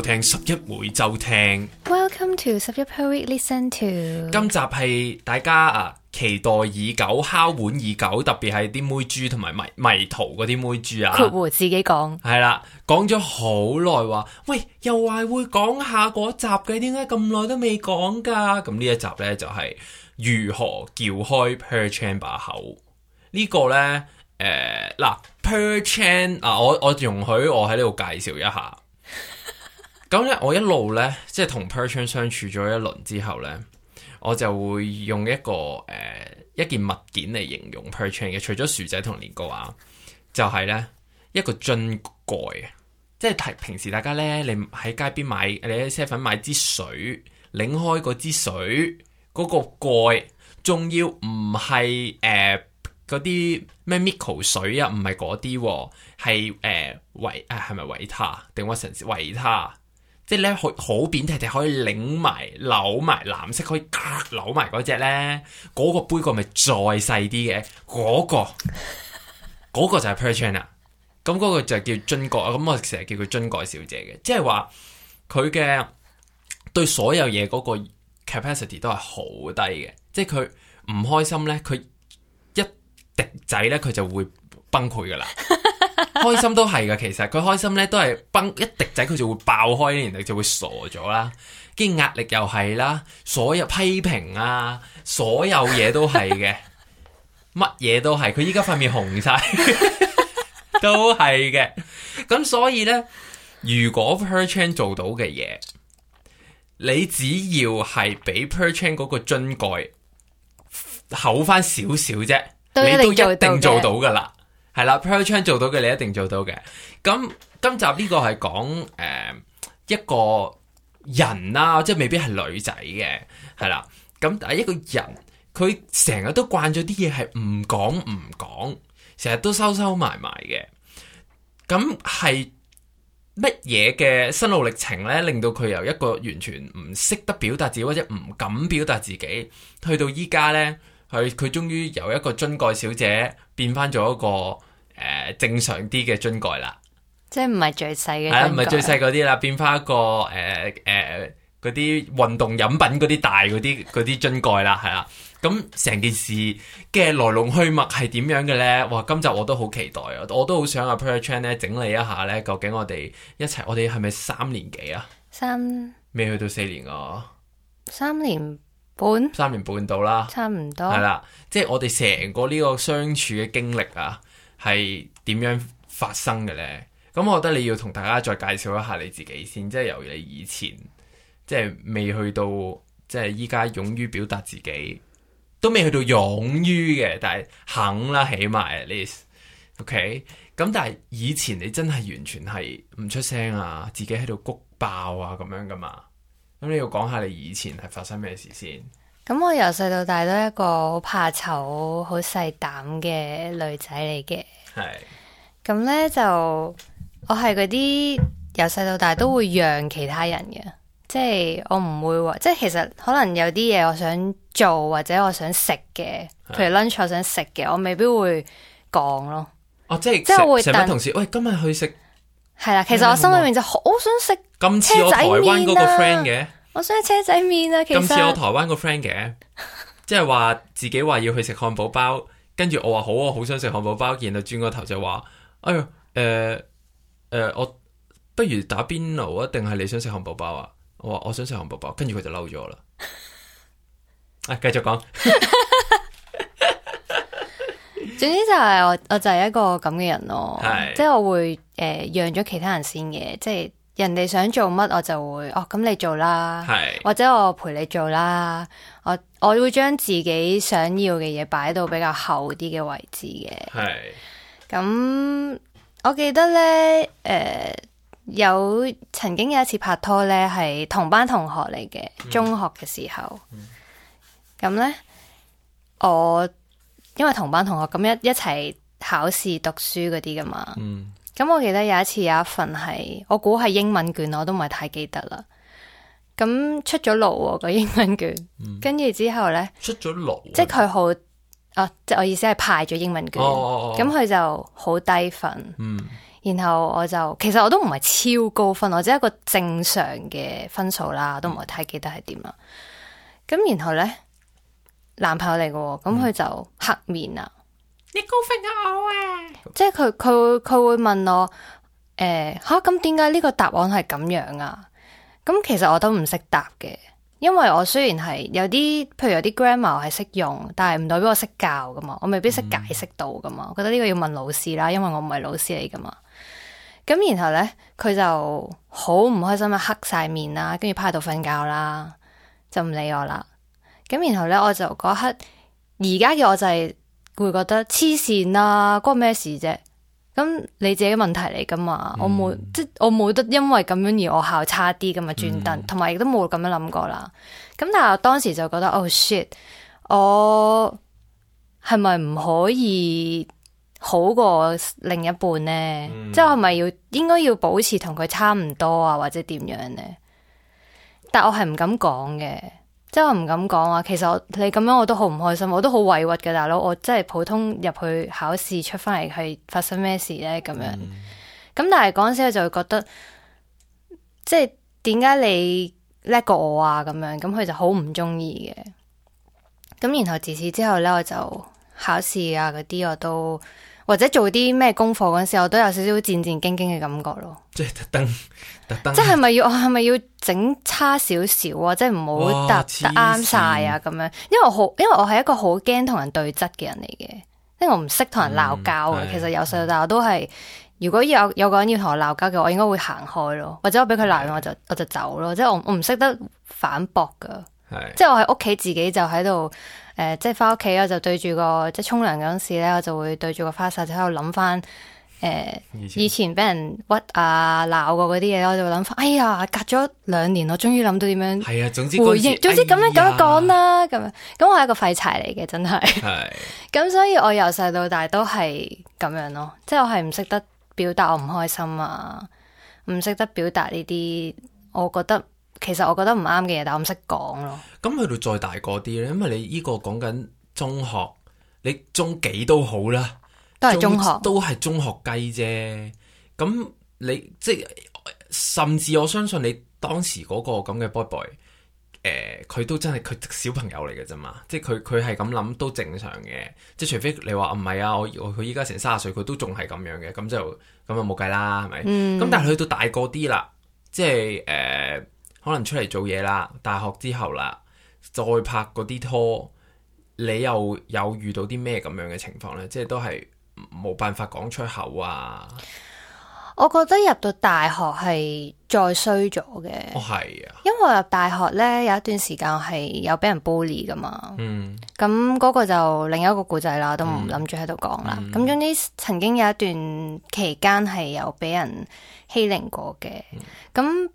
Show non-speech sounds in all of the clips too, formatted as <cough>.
聽十一每周聽，Welcome to 十一 per week listen to。今集係大家啊，期待已久，敲碗已久，特別係啲妹豬同埋迷迷途嗰啲妹豬啊。括弧自己講，係啦、嗯，講咗好耐話，喂，又話會講下嗰集嘅，點解咁耐都未講噶？咁呢一集呢，就係、是、如何撬開 per c h a m b 口呢、這個呢，誒、呃，嗱，per c h a m 啊，我我容許我喺呢度介紹一下。咁咧，我一路咧，即係同 Perchun 相處咗一輪之後咧，我就會用一個誒、呃、一件物件嚟形容 Perchun 嘅，除咗薯仔同年糕啊，就係、是、咧一個樽蓋啊，即係平時大家咧，你喺街邊買你喺 seven 買支水，擰開嗰支水嗰、那個蓋，仲要唔係誒嗰啲咩 Mico 水啊，唔係嗰啲，係誒維誒係咪維他定我成時維他？即係咧，好好扁睇睇，可以擰埋扭埋藍色，可以夾扭埋嗰隻咧，嗰、嗰個杯、嗰個咪再細啲嘅，嗰個嗰個就係 Perchenna，咁嗰個就叫樽蓋，咁我成日叫佢樽蓋小姐嘅，即係話佢嘅對所有嘢嗰個 capacity 都係好低嘅，即係佢唔開心咧，佢一滴仔咧佢就會崩潰噶啦。開心都係噶，其實佢開心咧都係崩一滴仔，佢就會爆開，然後就會傻咗啦。跟住壓力又係啦，所有批評啊，所有嘢都係嘅，乜嘢 <laughs> 都係。佢依家塊面紅晒， <laughs> 都係嘅。咁所以呢，如果 Percheng 做到嘅嘢，你只要係俾 Percheng 嗰個樽蓋厚翻少少啫，都你都一定做到噶啦。係啦，Per 老做到嘅你一定做到嘅。咁、嗯嗯、今集呢個係講誒一個人啦、啊，即係未必係女仔嘅，係、嗯、啦。咁、嗯、但係一個人，佢成日都慣咗啲嘢，係唔講唔講，成日都收收埋埋嘅。咁係乜嘢嘅心路歷程咧？令到佢由一個完全唔識得表達自己或者唔敢表達自己，去到依家咧，佢佢終於由一個樽蓋小姐變翻咗一個。誒，正常啲嘅樽蓋啦，即係唔係最細嘅，唔係最細嗰啲啦，變翻一個誒誒嗰啲運動飲品嗰啲大嗰啲啲樽蓋啦，係啦。咁成件事嘅來龍去脈係點樣嘅咧？哇，今集我都好期待啊，我都好想阿 Per Chan 咧整理一下咧，究竟我哋一齊，我哋係咪三年幾啊？三，未去到四年喎，三年半，三年半到啦，差唔多係啦。即係我哋成個呢個相處嘅經歷啊！係點樣發生嘅呢？咁我覺得你要同大家再介紹一下你自己先，即係由你以前，即係未去到，即係依家勇於表達自己，都未去到勇於嘅，但係肯啦，起碼 at least，OK、okay。咁但係以前你真係完全係唔出聲啊，自己喺度谷爆啊咁樣噶嘛。咁你要講下你以前係發生咩事先？咁我由細到大都係一個好怕醜、好細膽嘅女仔嚟嘅。係是。咁呢就我係嗰啲由細到大都會讓其他人嘅，即係我唔會話即係其實可能有啲嘢我想做或者我想食嘅，是譬如 lunch 我想食嘅，我未必會講咯。哦，即係即係是會成同事，喂，今日去食係啦。其實我心裏面就好想食，啊。咁似我台灣個 friend 嘅，啊。我想食車仔麵啊！其實，今次我台灣個 friend 嘅，即係話自己話要去食漢堡包，跟住我話好，啊，好想食漢堡包，然後轉個頭就話，哎呀，誒、呃、誒、呃，我不如打邊爐啊？定係你想食漢堡包啊？我話我想食漢堡包，跟住佢就嬲咗啦。 <laughs> 啊，繼續講。 <laughs> <laughs> 總之就係我，我就係一個咁嘅人咯是、呃，即係我會誒讓咗其他人先嘅，即係。人哋想做乜，我就會哦。咁你做啦，是或者我陪你做啦。我我會將自己想要嘅嘢擺到比較後啲嘅位置嘅。係咁是、嗯，我記得呢，誒、呃，有曾經有一次拍拖呢，係同班同學嚟嘅，中學嘅時候。咁、嗯嗯、呢，我因為同班同學咁一一齊考試讀書嗰啲噶嘛。嗯咁我記得有一次有一份係，我估係英文卷，我都唔係太記得啦。咁出咗爐個英文卷，跟住，嗯、之後咧，出咗爐，即係佢好啊！即係我意思係派咗英文卷，咁佢、哦、就好低分。嗯、然後我就其實我都唔係超高分，我只係一個正常嘅分數啦，我都唔係太記得係點啦。咁、嗯、然後咧，男朋友嚟嘅，哦，咁佢就黑面啊！嗯你高分啊我啊！即係佢佢會佢會問我誒吓，咁點解呢個答案係咁樣啊？咁其實我都唔識答嘅，因為我雖然係有啲，譬如有啲 grammar 係識用，但係唔代表我識教噶嘛，我未必識解釋到噶嘛。我、嗯、覺得呢個要問老師啦，因為我唔係老師嚟噶嘛。咁然後咧，佢就好唔開心，黑晒面啦，跟住趴喺度瞓覺啦，就唔理我啦。咁然後咧，我就嗰刻而家嘅我就係、是。會覺得黐線啊，關咩事啫？咁你自己問題嚟噶嘛？嗯、我冇即我冇得因為咁樣而我考差啲咁啊專登，同埋亦都冇咁樣諗過啦。咁但係我當時就覺得哦 shit，我係咪唔可以好過另一半呢？嗯、即係我係咪要應該要保持同佢差唔多啊，或者點樣呢？但我係唔敢講嘅。即係我唔敢講啊，其實我你咁樣我都好唔開心，我都好委屈嘅大佬，我真係普通入去考試出翻嚟，係發生咩事呢？咁樣，咁、嗯、但係嗰陣時佢就會覺得，即係點解你叻過我啊咁樣，咁佢就好唔中意嘅，咁然後自此之後呢，我就考試啊嗰啲我都。或者做啲咩功課嗰陣時候，我都有少少戰戰兢兢嘅感覺咯。 <music> <music> 即係特登，即係咪要我係咪要整差少少啊？即係唔好特啱晒啊咁樣。因為我好，因為我係一個好驚同人對質嘅人嚟嘅，因為我唔識同人鬧交嘅。嗯、其實由細到大我都係，如果有有個人要同我鬧交嘅，我應該會行開咯，或者我俾佢鬧完我就我就走咯。即係我我唔識得反駁噶，即係我喺屋企自己就喺度，誒、呃，即係翻屋企，我就對住個即係沖涼嗰陣時咧，我就會對住個花灑就喺度諗翻，誒、呃，以前俾人屈啊、鬧過嗰啲嘢，我就諗翻，哎呀，隔咗兩年，我終於諗到點樣，係啊，回應，啊、總之咁樣咁樣講啦，咁樣，咁、哎、呀我係一個廢柴嚟嘅，真係，咁是 <laughs> 所以我由細到大都係咁樣咯，即係我係唔識得表達我唔開心啊，唔識得表達呢啲，我覺得。其實我覺得唔啱嘅嘢，但我唔識講咯。咁去到再大個啲咧，因為你依個講緊中學，你中幾都好啦，都係中學，中都係中學雞啫。咁你即係甚至我相信你當時嗰個咁嘅 boy boy，誒、呃，佢都真係佢小朋友嚟嘅啫嘛。即係佢佢係咁諗都正常嘅。即係除非你話唔係啊，我佢依家成卅歲，佢都仲係咁樣嘅，咁就咁就冇計啦，係咪？咁、嗯、但係去到大個啲啦，即係誒。呃可能出嚟做嘢啦，大學之後啦，再拍嗰啲拖，你又有遇到啲咩咁樣嘅情況呢？即係都係冇辦法講出口啊！我覺得入到大學係再衰咗嘅，哦、係啊，因為入大學呢，有一段時間係有俾人 bully 噶嘛，嗯，咁嗰個就另一個故仔啦，都唔諗住喺度講啦。咁總之，嗯、曾經有一段期間係有俾人欺凌過嘅，咁、嗯。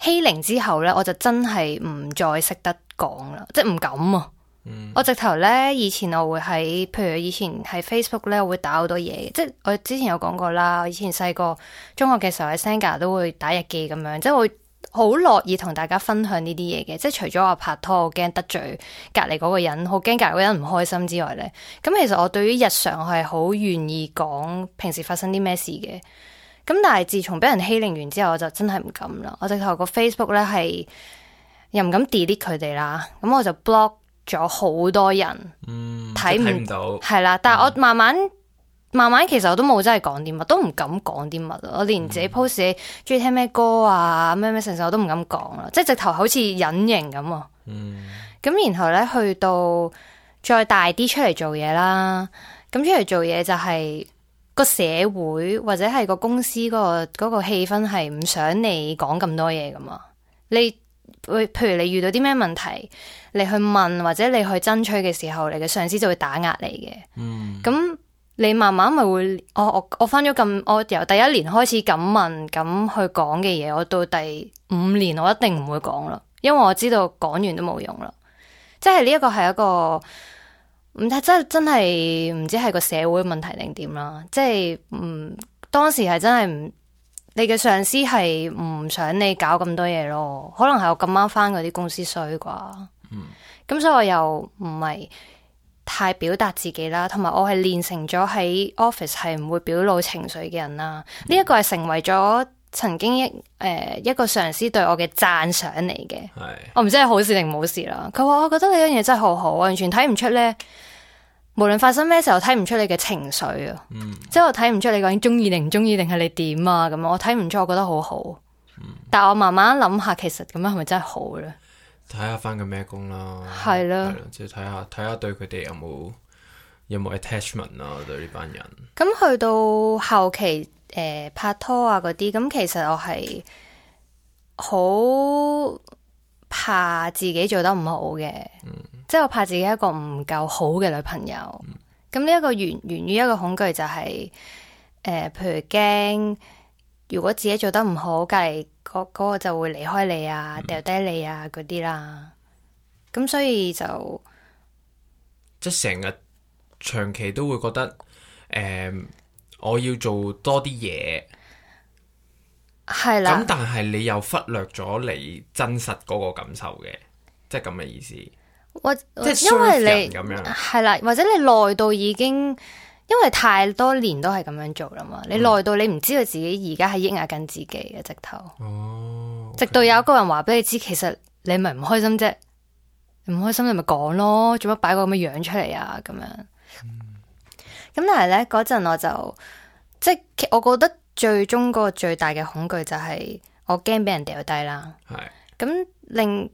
欺凌之後咧，我就真係唔再識得講啦，即係唔敢啊！嗯、我直頭咧，以前我會喺，譬如以前喺 Facebook 咧，我會打好多嘢，即係我之前有講過啦。以前細個中學嘅時候喺 Sanger 都會打日記咁樣，即係會好樂意同大家分享呢啲嘢嘅。即係除咗我拍拖，我驚得罪隔離嗰個人，好驚隔離嗰人唔開心之外咧，咁其實我對於日常係好願意講平時發生啲咩事嘅。咁但係自從俾人欺凌完之後，我就真係唔敢啦。我直頭個 Facebook 咧，係又唔敢 delete 佢哋啦。咁我就 block 咗好多人，睇唔、嗯、睇唔到係啦。但係我慢慢慢慢，其實我都冇真係講啲乜，都唔敢講啲乜啦。我連自己 post，中意、嗯、聽咩歌啊，咩咩成成，我都唔敢講啦。即係直頭好似隱形咁。咁、嗯、然後咧，去到再大啲出嚟做嘢啦。咁出嚟做嘢就係、是。個社會或者係個公司嗰個嗰個氣氛係唔想你講咁多嘢噶嘛你？你會譬如你遇到啲咩問題，你去問或者你去爭取嘅時候，你嘅上司就會打壓你嘅。嗯，咁你慢慢咪會，我我我翻咗咁，我由第一年開始咁問咁去講嘅嘢，我到第五年我一定唔會講啦，因為我知道講完都冇用啦。即係呢一個係一個。唔睇真真係唔知係個社會問題定點啦，即係唔、嗯、當時係真係唔，你嘅上司係唔想你搞咁多嘢咯，可能係我咁啱翻嗰啲公司衰啩。嗯，咁所以我又唔係太表達自己啦，同埋我係練成咗喺 office 係唔會表露情緒嘅人啦。呢一、嗯、個係成為咗曾經一誒、呃、一個上司對我嘅讚賞嚟嘅。係是的 我唔知係好事定冇事啦。佢話我覺得呢樣嘢真係好好，我完全睇唔出咧。無論發生咩時候，睇唔出你嘅情緒啊，嗯、即係我睇唔出你究竟中意定唔中意，定係你點啊咁啊，我睇唔出，我覺得好好，嗯、但係我慢慢諗下，其實咁樣係咪真係好咧？睇下翻緊咩工啦，係啦，即係睇下睇下對佢哋有冇有冇 attachment 啦，對呢班人。咁去到後期誒、呃、拍拖啊嗰啲，咁其實我係好怕自己做得唔好嘅。嗯即係我怕自己一個唔夠好嘅女朋友，咁呢一個源源於一個恐懼、就係，就、呃、係譬如驚如果自己做得唔好，隔籬嗰嗰個就會離開你啊，掉低你啊嗰啲啦。咁、嗯、所以就即係成日長期都會覺得誒、呃，我要做多啲嘢係啦。咁但係你又忽略咗你真實嗰個感受嘅，即係咁嘅意思。或即係因為你咁樣係啦，或者你耐到已經，因為太多年都係咁樣做啦嘛。嗯、你耐到你唔知道自己而家係抑壓緊自己嘅，直頭直到有一個人話俾你知，其實你咪唔開心啫，唔開心你咪講咯，做乜擺個咁嘅樣樣出嚟啊？咁樣咁、嗯、但係咧嗰陣我就即係，我覺得最終個最大嘅恐懼就係我驚俾人掉低啦。係咁令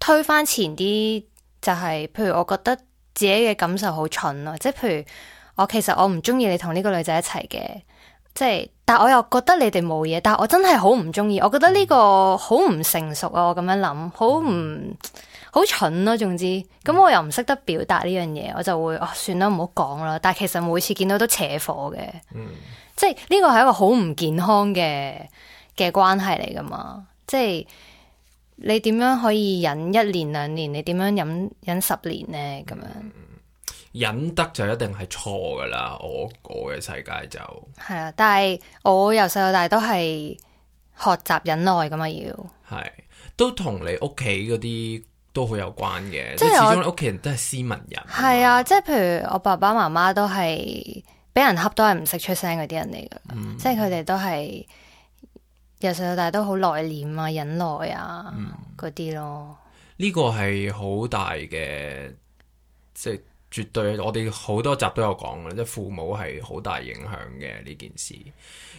推翻前啲。就係，譬如我覺得自己嘅感受好蠢咯、啊，即係譬如我其實我唔中意你同呢個女仔一齊嘅，即係，但我又覺得你哋冇嘢，但我真係好唔中意，我覺得呢個好唔成熟啊，我咁樣諗，好唔好蠢咯、啊，總之，咁我又唔識得表達呢樣嘢，我就會哦、啊，算啦，唔好講啦，但係其實每次見到都扯火嘅，嗯、即係呢個係一個好唔健康嘅嘅關係嚟噶嘛，即係。你點樣可以忍一年兩年？你點樣忍忍十年呢？咁樣、嗯、忍得就一定係錯噶啦！我我嘅世界就係啊，但係我由細到大都係學習忍耐噶嘛，要係都同你屋企嗰啲都好有關嘅，即係是 始終你屋企人都係斯文人，係啊，即係譬如我爸爸媽媽都係俾人恰都係唔識出聲嗰啲人嚟噶，嗯、即係佢哋都係。由細到大都好內斂啊，忍耐啊，嗰啲、嗯、咯。呢個係好大嘅，即、就、係、是、絕對我哋好多集都有講嘅，即、就是、父母係好大影響嘅呢件事。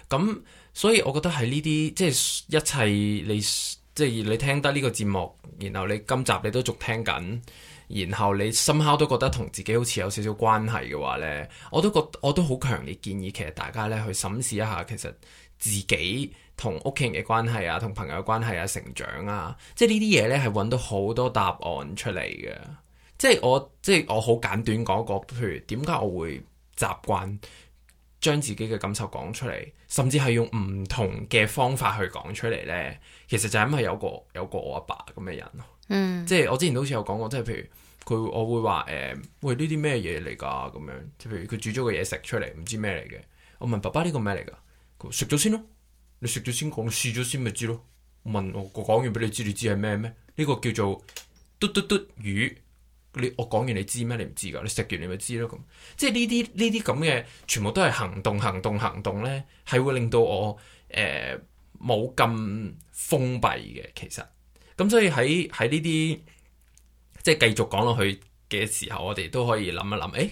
咁所以我覺得喺呢啲即係一切你，你即係你聽得呢個節目，然後你今集你都仲聽緊，然後你深刻都覺得同自己好似有少少關係嘅話呢，我都覺得我都好強烈建議，其實大家呢，去審視一下，其實自己。同屋企人嘅關係啊，同朋友關係啊，成長啊，即係呢啲嘢咧，係揾到好多答案出嚟嘅。即係我，即係我好簡短講過，譬如點解我會習慣將自己嘅感受講出嚟，甚至係用唔同嘅方法去講出嚟咧。其實就係因為有個有個我阿爸咁嘅人咯。嗯，即係我之前好似有講過，即係譬如佢，我會話誒、欸，喂呢啲咩嘢嚟㗎咁樣？即譬如佢煮咗個嘢食出嚟，唔知咩嚟嘅，我問爸爸呢個咩嚟㗎？佢食咗先咯。你食咗先講，試咗先咪知咯。問我，我講完俾你知，你知係咩咩？呢個叫做嘟嘟嘟魚。你，我講完你知咩？你唔知噶？你食完你咪知咯。咁即係呢啲呢啲咁嘅，全部都係行動行動行動咧，係會令到我誒冇咁封閉嘅。其實咁所以喺喺呢啲即係繼續講落去嘅時候，我哋都可以諗一諗誒。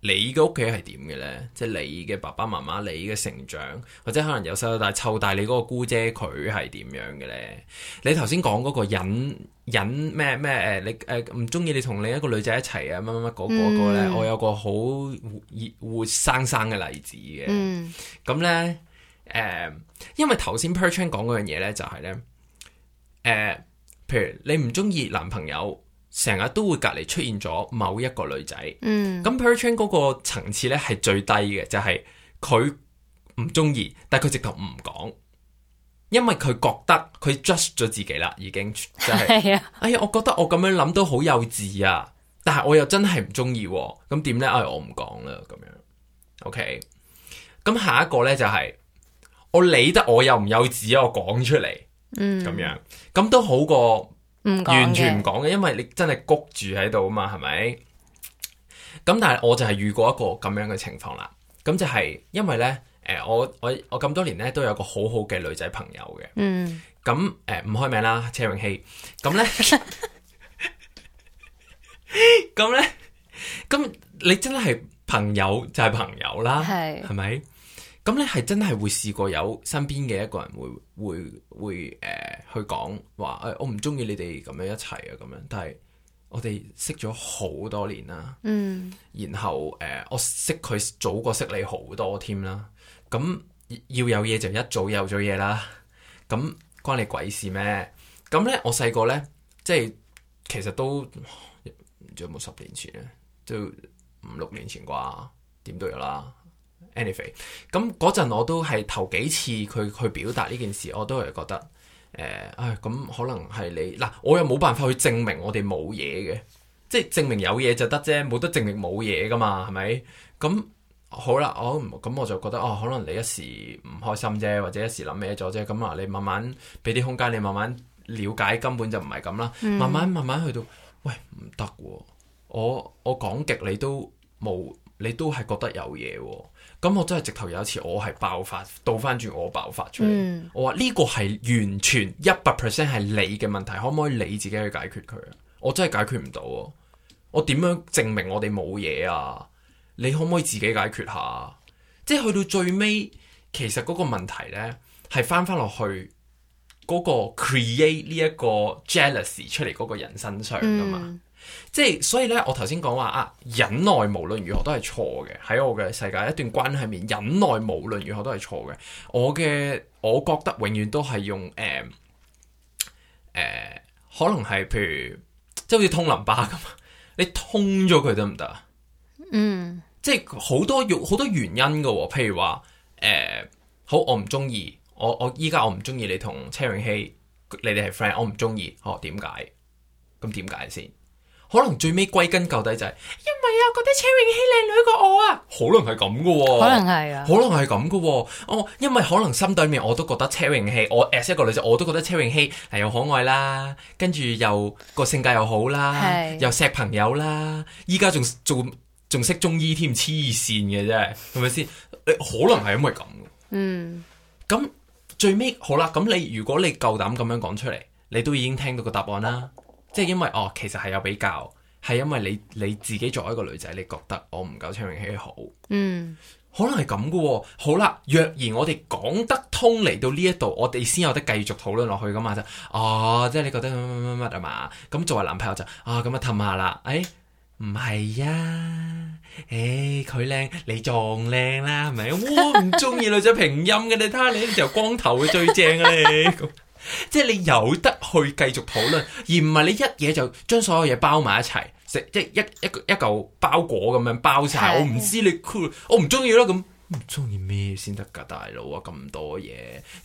你嘅屋企係點嘅咧？即係你嘅爸爸媽媽，你嘅成長，或者可能由細到大湊大你嗰個姑姐佢係點樣嘅咧？你頭先講嗰個忍忍咩咩誒，你誒唔中意你同另一個女仔一齊啊？乜乜乜嗰嗰個咧？我有個好活活生生嘅例子嘅。嗯，咁咧誒，因為頭先 Per 老講嗰樣嘢咧，就係咧誒，譬如你唔中意男朋友。成日都會隔離出現咗某一個女仔，咁、嗯、perception 嗰個層次咧係最低嘅，就係佢唔中意，但佢直頭唔講，因為佢覺得佢 just 咗自己啦，已經真係。就是、 <laughs> 哎呀，我覺得我咁樣諗都好幼稚啊，但係我又真係唔中意，咁點咧？哎，我唔講啦，咁樣。OK，咁下一個咧就係、是、我理得我又唔幼稚，我講出嚟，咁樣，咁、嗯、都好過。完全唔講嘅，因為你真係谷住喺度啊嘛，係咪？咁但係我就係遇過一個咁樣嘅情況啦。咁就係因為呢，誒、呃，我我我咁多年呢都有個好好嘅女仔朋友嘅。嗯。咁誒唔開名啦，謝永熙。咁呢，咁 <laughs> <laughs> 呢，咁你真係朋友就係朋友啦，係是，係咪？咁你係真係會試過有身邊嘅一個人會會會誒、呃、去講話誒，我唔中意你哋咁樣一齊啊咁樣，但係我哋識咗好多年啦，嗯，然後誒、呃、我識佢早過識你好多添啦，咁要有嘢就一早有咗嘢啦，咁 <laughs> 關你鬼事咩？咁咧我細個咧即係其實都仲有冇十年前啊，都五六年前啩，點都有啦。Anyway, 咁嗰陣我都係頭幾次佢去，去表達呢件事，我都係覺得誒，啊、呃、咁、嗯、可能係你嗱，我又冇辦法去證明我哋冇嘢嘅，即係證明有嘢就得啫，冇得證明冇嘢噶嘛，係咪？咁、嗯、好啦，我、哦、咁我就覺得哦，可能你一時唔開心啫，或者一時諗咩咗啫，咁、嗯、啊，你慢慢俾啲空間，你慢慢了解，根本就唔係咁啦。慢慢慢慢去到，喂唔得、啊，我我講極你都冇，你都係覺得有嘢、啊。咁我真係直頭有一次我係爆發倒翻轉我爆發出嚟，嗯、我話呢個係完全一百 percent 係你嘅問題，可唔可以你自己去解決佢啊？我真係解決唔到，啊。我點樣證明我哋冇嘢啊？你可唔可以自己解決下？即係去到最尾，其實嗰個問題呢係翻翻落去嗰個 create 呢一個 jealousy 出嚟嗰個人身上噶嘛？嗯即係所以咧，我頭先講話啊，忍耐無論如何都係錯嘅。喺我嘅世界，一段關係面，忍耐無論如何都係錯嘅。我嘅我覺得永遠都係用誒誒、呃呃，可能係譬如即係好似通淋巴咁，你通咗佢得唔得啊？嗯、mm.，即係好多好多原因㗎、哦。譬如話誒、呃，好，我唔中意，我我依家我唔中意你同車永希，你哋係 friend，我唔中意。哦，點解？咁點解先？可能最尾歸根究底就係、是，因為我覺得車永熙靚女過我啊。可能係咁噶，可能係啊。可能係咁噶，哦，因為可能心對面我都覺得車永熙，我 as 一個女仔，我都覺得車永熙又可愛啦，跟住又個性格又好啦，是又錫朋友啦，依家仲做仲識中醫添，黐線嘅啫，係咪先？可能係因為咁。嗯，咁最尾好啦，咁你如果你夠膽咁樣講出嚟，你都已經聽到個答案啦。即係因為哦，其實係有比較，係因為你你自己作為一個女仔，你覺得我唔夠張永熙好，嗯，可能係咁噶。好啦，若然我哋講得通嚟到呢一度，我哋先有得繼續討論落去噶嘛？就哦，即係你覺得乜乜乜乜啊嘛？咁、嗯、作為男朋友就啊，咁啊氹下啦。誒、哎，唔係呀？誒、哎，佢靚，你仲靚啦，係咪、啊？我唔中意女仔 <laughs> 平音嘅，你睇下你就光頭最正啊你。 <laughs> 即係你有得去繼續討論，而唔係你一嘢就將所有嘢包埋一齊食，即係一一一嚿包裹咁樣包晒的。我唔知你 cool，我唔中意咯。咁唔中意咩先得噶，大佬啊！咁多嘢，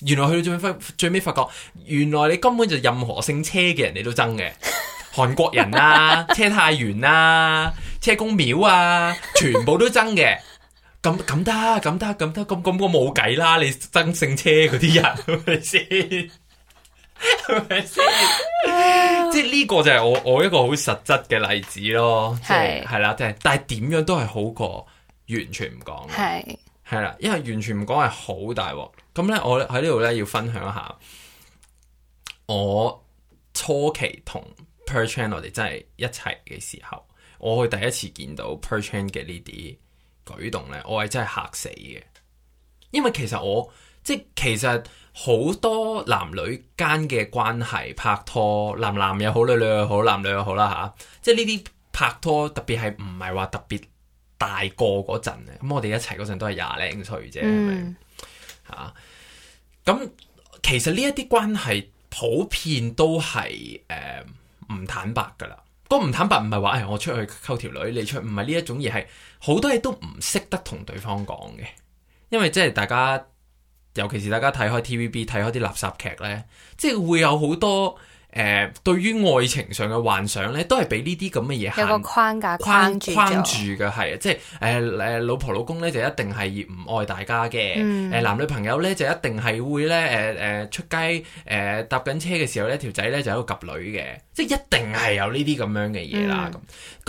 原來去到最尾發最尾發覺，原來你根本就任何姓車嘅人你都憎嘅，韓國人啊、車太元啊、車公廟啊，全部都憎嘅。咁咁得，咁得，咁得，咁咁我冇計啦！你憎姓車嗰啲人，咪先？即係呢個就係我我一個好實質嘅例子咯，即係，係啦，即係但係點樣都係好過完全唔講，係係啦，因為完全唔講係好大鑊。咁咧，我喺呢度咧要分享一下，我初期同 Perchand 我哋真係一齊嘅時候，我去第一次見到 Perchand 嘅呢啲舉動咧，我係真係嚇死嘅，因為其實我即係、就是、其實。好多男女間嘅關係拍拖，男男又好，女女又好，男女又好啦吓、啊，即係呢啲拍拖特別是是特別，特別係唔係話特別大個嗰陣，咁我哋一齊嗰陣都係廿零歲啫，吓、嗯、咁、啊嗯、其實呢一啲關係普遍都係誒唔坦白噶啦，個唔坦白唔係話誒我出去溝條女，你出去唔係呢一種嘢，係好多嘢都唔識得同對方講嘅，因為即係大家。尤其是大家睇開 TVB 睇開啲垃圾劇咧，即係會有好多。誒、呃，對於愛情上嘅幻想咧，都係俾呢啲咁嘅嘢限有個框架框，框，框住嘅，係啊，即係誒誒，老婆老公咧就一定係唔愛大家嘅，誒、嗯呃、男女朋友咧就一定係會咧，誒、呃、誒出街誒、呃、搭緊車嘅時候咧，條仔咧就喺度夾女嘅，即係一定係有呢啲咁樣嘅嘢啦，咁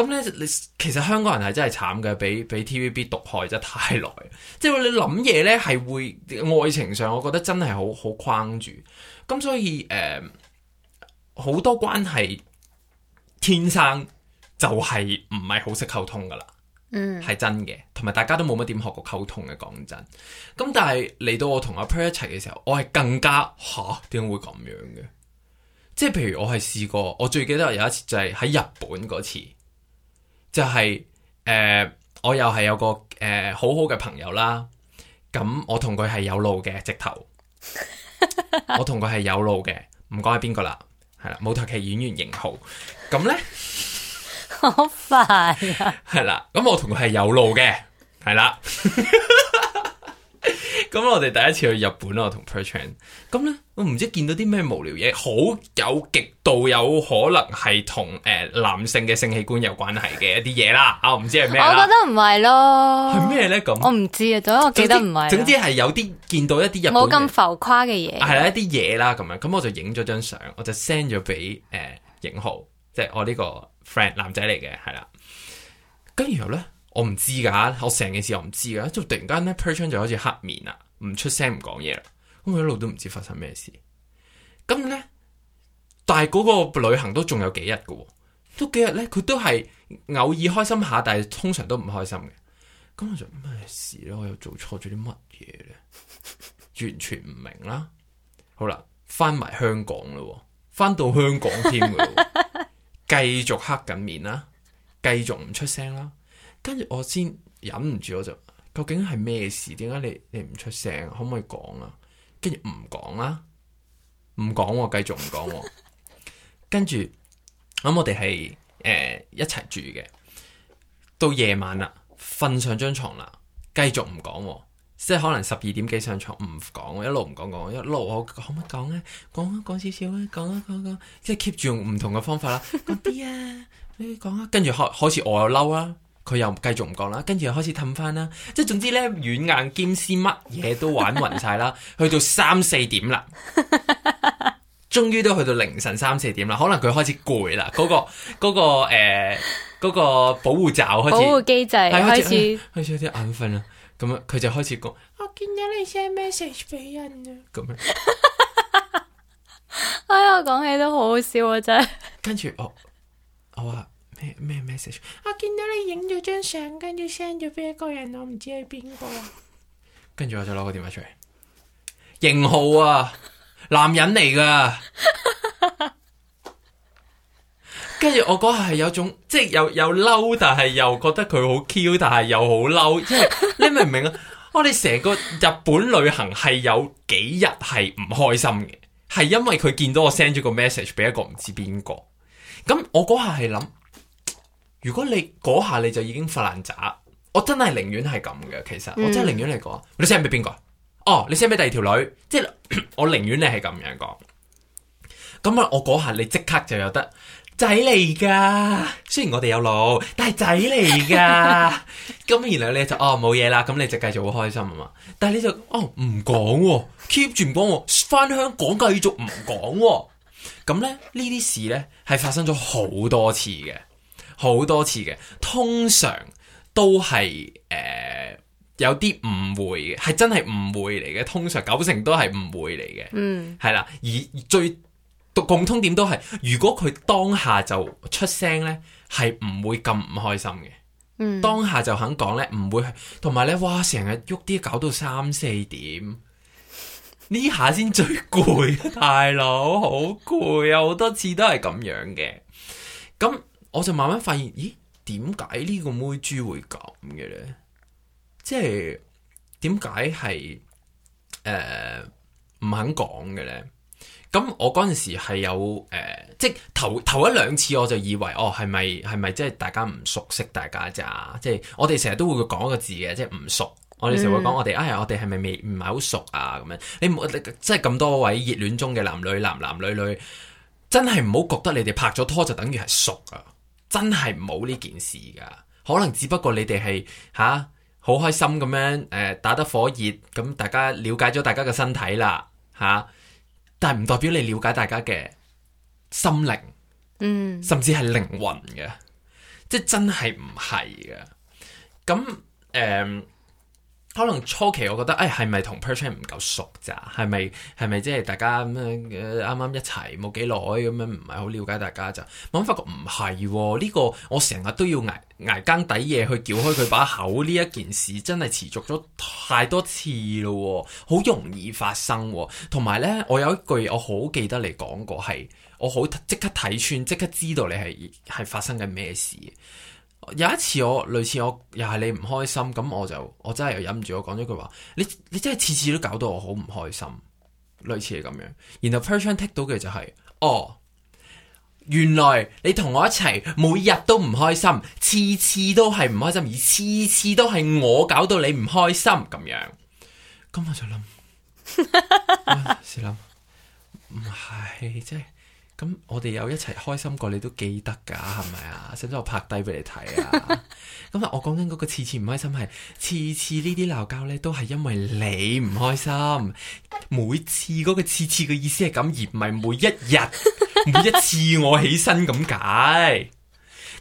咁咧，你其實香港人係真係慘嘅，俾俾 TVB 毒害咗太耐，即係你諗嘢咧係會愛情上，我覺得真係好好框住，咁所以誒。呃好多關係天生就係唔係好識溝通噶啦，係、嗯、真嘅。同埋大家都冇乜點學過溝通嘅，講真。咁但係嚟到我同阿 Per 一齊嘅時候，我係更加吓點解會咁樣嘅？即係譬如我係試過，我最記得有一次就係、是、喺日本嗰次，就係、是、誒、呃，我又係有個誒、呃、好好嘅朋友啦。咁我同佢係有路嘅直頭， <laughs> 我同佢係有路嘅，唔講係邊個啦。係啦，舞台劇演員型號，咁咧好快啊！係啦， <laughs> <laughs> 咁我同佢係有路嘅，係啦。 <laughs> 咁我哋第一次去日本咯，同 Perchin。咁咧，我唔知見到啲咩無聊嘢，好有極度有可能係同誒男性嘅性器官有關係嘅一啲嘢啦。啊、哦，唔知係咩？我覺得唔係咯。係咩咧？咁我唔知啊，我記得唔係。總之係有啲見到一啲人冇咁浮誇嘅嘢。係、啊、啦，一啲嘢啦，咁樣。咁我就影咗張相，我就 send 咗俾誒影號，即係我呢個 friend 男仔嚟嘅，係啦。跟住然後咧。我唔知噶，我成件事我唔知噶，就突然間咧，Per 就開始黑面啦，唔出聲唔講嘢啦，咁我一路都唔知發生咩事。咁咧，但係嗰個旅行都仲有幾日噶，哦，幾呢都幾日咧，佢都係偶爾開心下，但係通常都唔開心嘅。咁我就咩事咧？我又做錯咗啲乜嘢咧？完全唔明啦。好啦，翻埋香港啦，翻到香港添，哦，繼，哦，續黑緊面啦，繼續唔出聲啦。跟住我先忍唔住，我就究竟係咩事？點解你你唔出聲？可唔可以講啊？跟住唔講啦，唔講我繼續唔講。跟住咁我哋係誒一齊住嘅，到夜晚啦，瞓上張床啦，繼續唔講，即係可能十二點幾上床唔講，一路唔講講，一路可可唔可以講啊？講啊講少少啊，講啊講講，即係 keep 住用唔同嘅方法啦。講啲啊，你講啊，跟住開開始我又嬲啦。佢又繼續唔講啦，跟住又開始氹翻啦，即係總之咧，軟硬兼施，乜嘢都玩暈晒啦，去到三四點啦，終於都去到凌晨三四點啦，可能佢開始攰啦，嗰個個誒個保護罩開始保護機制，開始開始有啲眼瞓啦，咁樣，佢就開始講，我見到你 send message 俾人啊，咁樣，哎我講起都好笑啊真係，跟住我我話。咩 message？我見到你影咗張相，跟住 send 咗俾一個人，我唔知係邊個。 <laughs> 跟住我再攞個電話出嚟，型號啊，男人嚟噶。 <laughs> 跟住我嗰下係有種，即係又又嬲，但係又覺得佢好 Q，但係又好嬲。即係你明唔明啊？ <laughs> 我哋成個日本旅行係有幾日係唔開心嘅，係因為佢見到我 send 咗個 message 俾一個唔知邊個。咁我嗰下係諗。如果你嗰下你就已經發爛渣，我真係寧願係咁嘅。其實、嗯、我真係寧願你講，你 send 俾邊個？哦，你 send 俾第二條女，即係我寧願你係咁樣講。咁啊，我嗰下你即刻就有得仔嚟噶。雖然我哋有路，但係仔嚟噶。咁 <laughs> 然後你就哦冇嘢啦，咁你就繼續好開心啊嘛。但係你就哦唔講喎，keep 住唔講喎，翻、哦哦哦、香港繼續唔講喎。咁咧呢啲事咧係發生咗好多次嘅。好多次嘅，通常都係誒、呃，有啲誤會嘅，係真係誤會嚟嘅。通常九成都係誤會嚟嘅，嗯，係啦。而最共通點都係，如果佢當下就出聲呢，係唔會咁唔開心嘅。嗯，當下就肯講呢，唔會。同埋呢，哇，成日喐啲搞到三四點，呢下先最攰， <laughs> <laughs> 大佬好攰啊！好多次都係咁樣嘅，咁。我就慢慢發現，咦？點解呢個妹豬會咁嘅咧？即係點解係誒唔肯講嘅咧？咁我嗰陣時係有誒、呃，即係頭頭一兩次我就以為，哦，係咪係咪即係大家唔熟悉大家咋？即係我哋成日都會講一個字嘅，即係唔熟。我哋成日會講我哋、嗯、哎呀，我哋係咪未唔係好熟啊？咁樣你冇，即係咁多位熱戀中嘅男女，男男女女，真係唔好覺得你哋拍咗拖就等於係熟啊！真係冇呢件事噶，可能只不過你哋係吓好開心咁樣，誒、呃、打得火熱，咁大家了解咗大家嘅身體啦吓、啊，但係唔代表你了解大家嘅心靈，嗯，甚至係靈魂嘅，即係真係唔係噶，咁誒。呃可能初期我覺得，哎，係咪同 Per 唔夠熟咋？係咪係咪即係大家咁、呃、樣啱啱一齊冇幾耐咁樣，唔係好了解大家就，我發覺唔係呢個，我成日都要捱捱更抵夜去撬開佢把口呢一件事，真係持續咗太多次咯、哦，好容易發生、哦。同埋呢，我有一句我好記得你講過係，我好即刻睇穿，即刻知道你係係發生緊咩事。有一次，我類似我又係你唔開心咁，我就我真係又忍唔住，我講咗句話你你真係次次都搞到我好唔開心，類似咁樣，然後 person take 到嘅就係、是、哦，原來你同我一齊每日都唔開心，次次都係唔開心，而次次都係我搞到你唔開心咁樣，咁我就諗試諗唔係即係。 <laughs> 咁我哋有一齊開心過，你都記得噶，係咪啊？使唔使我拍低俾你睇啊？咁 <laughs> 我講緊嗰個次次唔開心係，次次呢啲鬧交呢都係因為你唔開心。每次嗰個次次嘅意思係咁，而唔係每一日 <laughs> 每一次我起身咁解。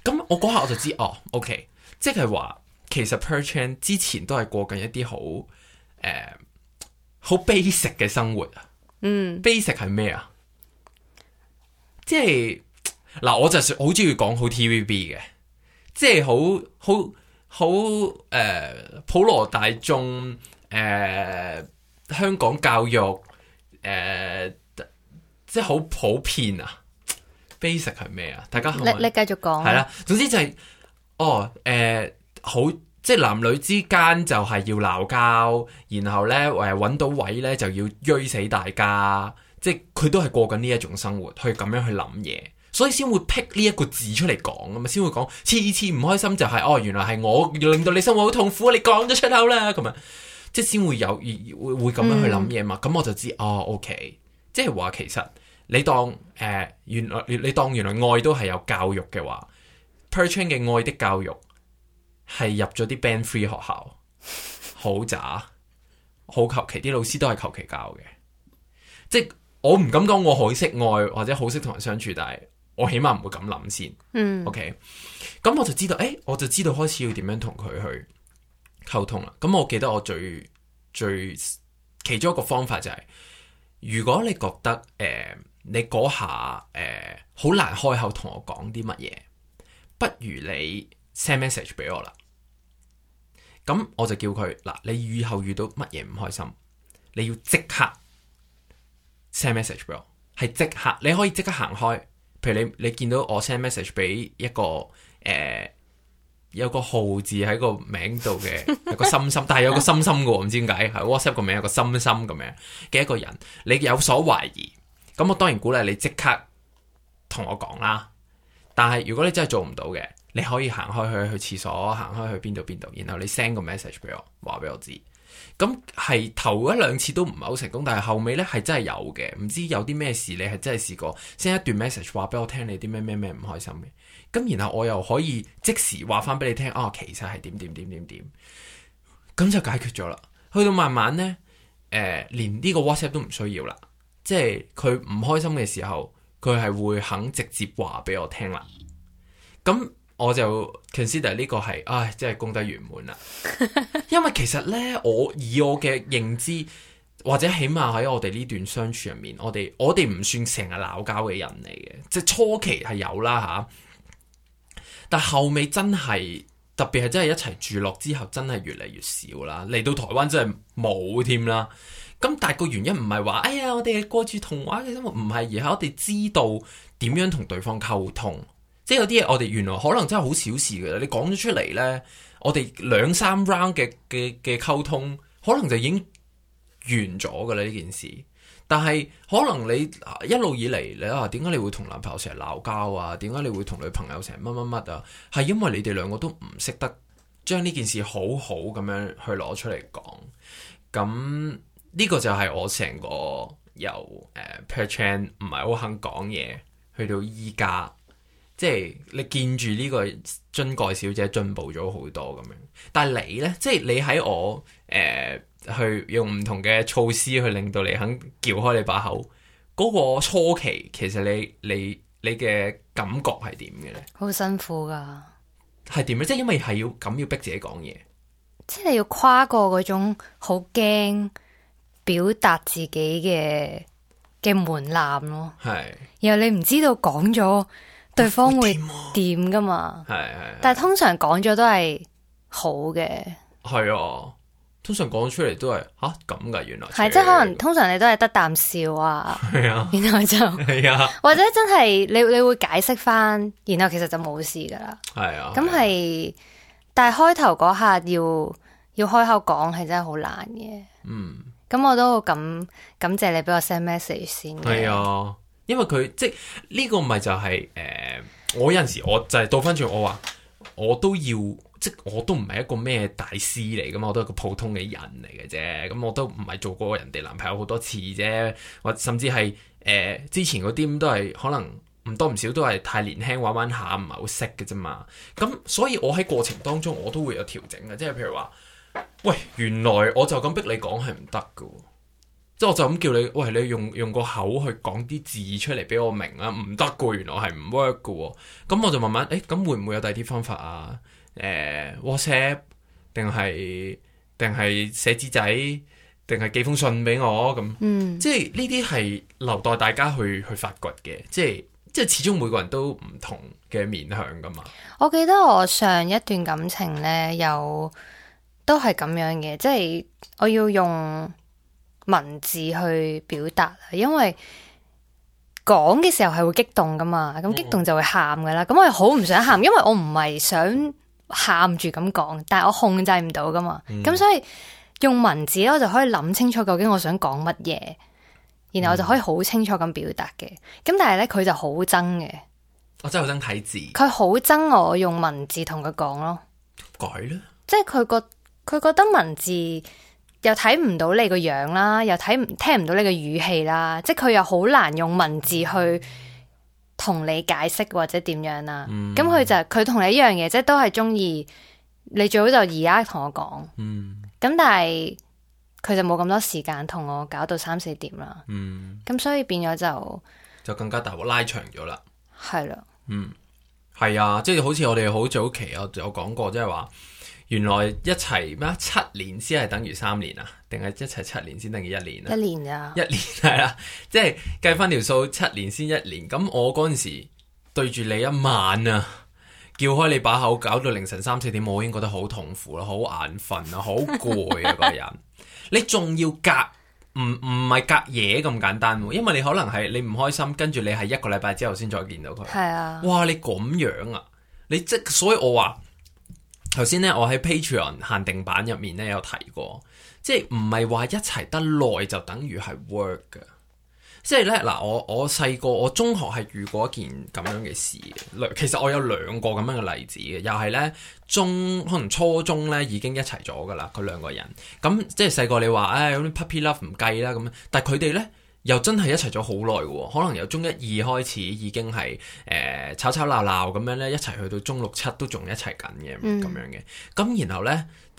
咁我嗰下我就知哦，OK，即係話其實 Perchance 之前都係過緊一啲好誒好、呃、basic 嘅生活啊。嗯，basic 係咩啊？即係嗱，我就算好中意講好 TVB 嘅，即係好好好誒普羅大眾誒、呃、香港教育誒、呃，即係好普遍啊！basic 係咩啊？大家好，你繼續講係啦，總之就係、是、哦誒好、呃，即係男女之間就係要鬧交，然後咧誒揾到位咧就要追死大家。即係佢都係過緊呢一種生活，去咁樣去諗嘢，所以先會 pick 呢一個字出嚟講啊嘛，先會講次次唔開心就係、是、哦，原來係我令到你生活好痛苦、啊、你講咗出口啦咁啊，即係先會有會會咁樣去諗嘢嘛，咁我就知、嗯、哦，OK，即係話其實你當誒、呃、原來你你當原來愛都係有教育嘅話，Perchun 嘅愛的教育係入咗啲 Band 3學校，好渣，好求其，啲老師都係求其教嘅，即我唔敢講我好識愛或者好識同人相處，但係我起碼唔會咁諗先。嗯，OK，咁我就知道，誒、欸，我就知道開始要點樣同佢去溝通啦。咁我記得我最最其中一個方法就係、是，如果你覺得誒、呃、你嗰下誒好、呃、難開口同我講啲乜嘢，不如你 send message 俾我啦。咁我就叫佢嗱，你以後遇到乜嘢唔開心，你要即刻。send message 俾我，係即刻你可以即刻行開。譬如你你見到我 send message 俾一個誒、呃、有個號字喺個名度嘅有個心心，但係有個心心嘅，唔知點解係 WhatsApp 個名有個心心咁樣嘅一個人，你有所懷疑，咁我當然鼓勵你即刻同我講啦。但係如果你真係做唔到嘅，你可以行開去去廁所，行開去邊度邊度，然後你 send 個 message 俾我，話俾我知。咁係頭一兩次都唔係好成功，但係後尾呢係真係有嘅。唔知有啲咩事你係真係試過 send 一段 message 話俾我聽你啲咩咩咩唔開心嘅，咁然後我又可以即時話翻俾你聽啊，其實係點點點點點，咁就解決咗啦。去到慢慢呢，誒、呃，連呢個 WhatsApp 都唔需要啦，即係佢唔開心嘅時候，佢係會肯直接話俾我聽啦。咁。我就 consider 呢個係，唉，真係功德圓滿啦。因為其實呢，我以我嘅認知，或者起碼喺我哋呢段相處入面，我哋我哋唔算成日鬧交嘅人嚟嘅，即係初期係有啦吓，但後尾真係特別係真係一齊住落之後，真係越嚟越少啦。嚟到台灣真係冇添啦。咁但係個原因唔係話，哎呀，我哋過住童話嘅生活，唔係，而係我哋知道點樣同對方溝通。呢即係啲嘢，我哋原來可能真係好小事噶啦。你講咗出嚟呢，我哋兩三 round 嘅嘅溝通，可能就已經完咗噶啦呢件事。但係可能你一路以嚟，你話點解你會同男朋友成日鬧交啊？點解你會同女朋友成日乜乜乜啊？係因為你哋兩個都唔識得將呢件事好好咁樣去攞出嚟講。咁、嗯、呢、呢個就係我成個由誒 Per Chan 唔係好肯講嘢，去到依家。即係你見住呢個樽蓋小姐進步咗好多咁樣，但係你呢？即係你喺我誒、呃，去用唔同嘅措施去令到你肯撬開你把口，嗰、嗰個初期其實你你你嘅感覺係點嘅咧？好辛苦噶，係點樣？即係因為係要噉要逼自己講嘢，即係你要跨過嗰種好驚表達自己嘅嘅門檻咯。係是，然後你唔知道講咗。對方會點噶嘛？系系， <music> 但係通常講咗都係好嘅。係啊，通常講出嚟都係吓咁噶，原來係即係可能通常你都係得啖笑啊，啊的，然後就係啊，的或者真係你你會解釋翻，然後其實就冇事噶啦。係啊，咁係，但係開頭嗰下要要開口講係真係好難嘅。嗯，咁我都好感感謝你俾我 send message 先。的。係啊的。因為佢即呢、這個咪就係、是、誒、呃，我有陣時我就係倒翻轉，我話我都要，即我都唔係一個咩大師嚟噶嘛，我都係個，個普通嘅人嚟嘅啫。咁、嗯、我都唔係做過人哋男朋友好多次啫，或甚至係誒、呃、之前嗰啲都係可能唔多唔少都係太年輕玩玩下，唔係好識嘅啫嘛。咁、嗯、所以我喺過程當中我都會有調整嘅，即係譬如話，喂，原來我就咁逼你講係唔得嘅。即我就咁叫你，喂，你用用個口去講啲字出嚟俾我明啊，唔得噶，原來係唔 work 噶。咁我就問問，誒、欸，咁會唔會有第二啲方法啊？誒、欸、，WhatsApp 定係定係寫紙仔，定係寄封信俾我咁？嗯即，即係呢啲係留待大家去去發掘嘅，即係即係始終每個人都唔同嘅面向噶嘛。我記得我上一段感情咧，有都係咁樣嘅，即係我要用。文字去表達，因為講嘅時候係會激動噶嘛，咁激動就會喊噶啦。咁、哦、我好唔想喊，因為我唔係想喊住咁講，但係我控制唔到噶嘛。咁、嗯、所以用文字咧，我就可以諗清楚究竟我想講乜嘢，然後我就可以好清楚咁表達嘅。咁、嗯、但係咧，佢就好憎嘅，我真係好憎睇字，佢好憎我用文字同佢講咯。改咧？即係佢覺佢覺得文字。又睇唔到你個樣啦，又睇唔聽唔到你個語氣啦，即係佢又好難用文字去同你解釋或者點樣啦。咁佢、嗯、就佢同你一樣嘢，即係都係中意你最好就而家同我講。咁、嗯、但係佢就冇咁多時間同我搞到三四點啦。咁、嗯、所以變咗就就更加大鑊，拉長咗啦。係啦，嗯，係啊，即係好似我哋好早期有有講過，即係話。原來一齊咩，七年先係等於三年啊？定係一齊七年先等於一年啊？一年啊？一年係啊，即係計翻條數七年先一年。咁我嗰陣時對住你一晚啊，叫開你把口，搞到凌晨三四點，我已經覺得好痛苦啦，好眼瞓啊，好攰啊，個人。 <laughs> 你仲要隔唔唔係隔夜咁簡單，因為你可能係你唔開心，跟住你係一個禮拜之後先再見到佢。係是啊！哇，你咁樣啊？你即所以我話。頭先咧，我喺 Patreon 限定版入面咧有提過，即係唔係話一齊得耐就等於係 work 嘅。即係咧嗱，我我細個我中學係遇過一件咁樣嘅事，其實我有兩個咁樣嘅例子嘅，又係咧中可能初中咧已經一齊咗噶啦，佢兩個人，咁即係細個你話有啲、哎、puppy love 唔計啦咁，但係佢哋咧。又真係一齊咗好耐喎，可能由中一二開始已經係誒、呃、吵吵鬧鬧咁樣咧，一齊去到中六七都仲一齊緊嘅咁樣嘅。咁然後呢，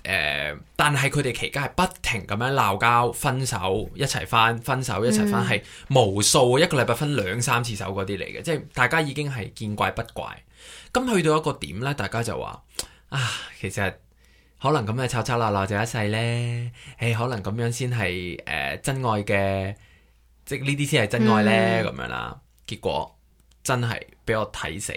誒、呃，但係佢哋期間係不停咁樣鬧交、分手、一齊翻、分手一、嗯、一齊翻，係無數一個禮拜分兩三次手嗰啲嚟嘅，即係大家已經係見怪不怪。咁、嗯、去到一個點呢，大家就話啊，其實可能咁樣吵吵鬧鬧就一世呢，誒，可能咁樣先係誒真愛嘅。即呢啲先係真愛呢，咁、嗯、樣啦。結果真係俾我睇死，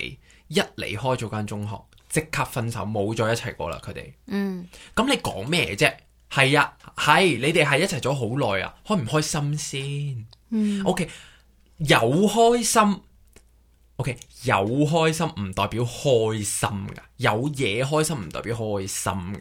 一離開咗間中學，即刻分手，冇再一齊過啦。佢哋，嗯，咁你講咩啫？係啊，係你哋係一齊咗好耐啊，開唔開心先？OK，有開心，OK，有開心唔、okay，代表開心噶，有嘢開心唔代表開心噶。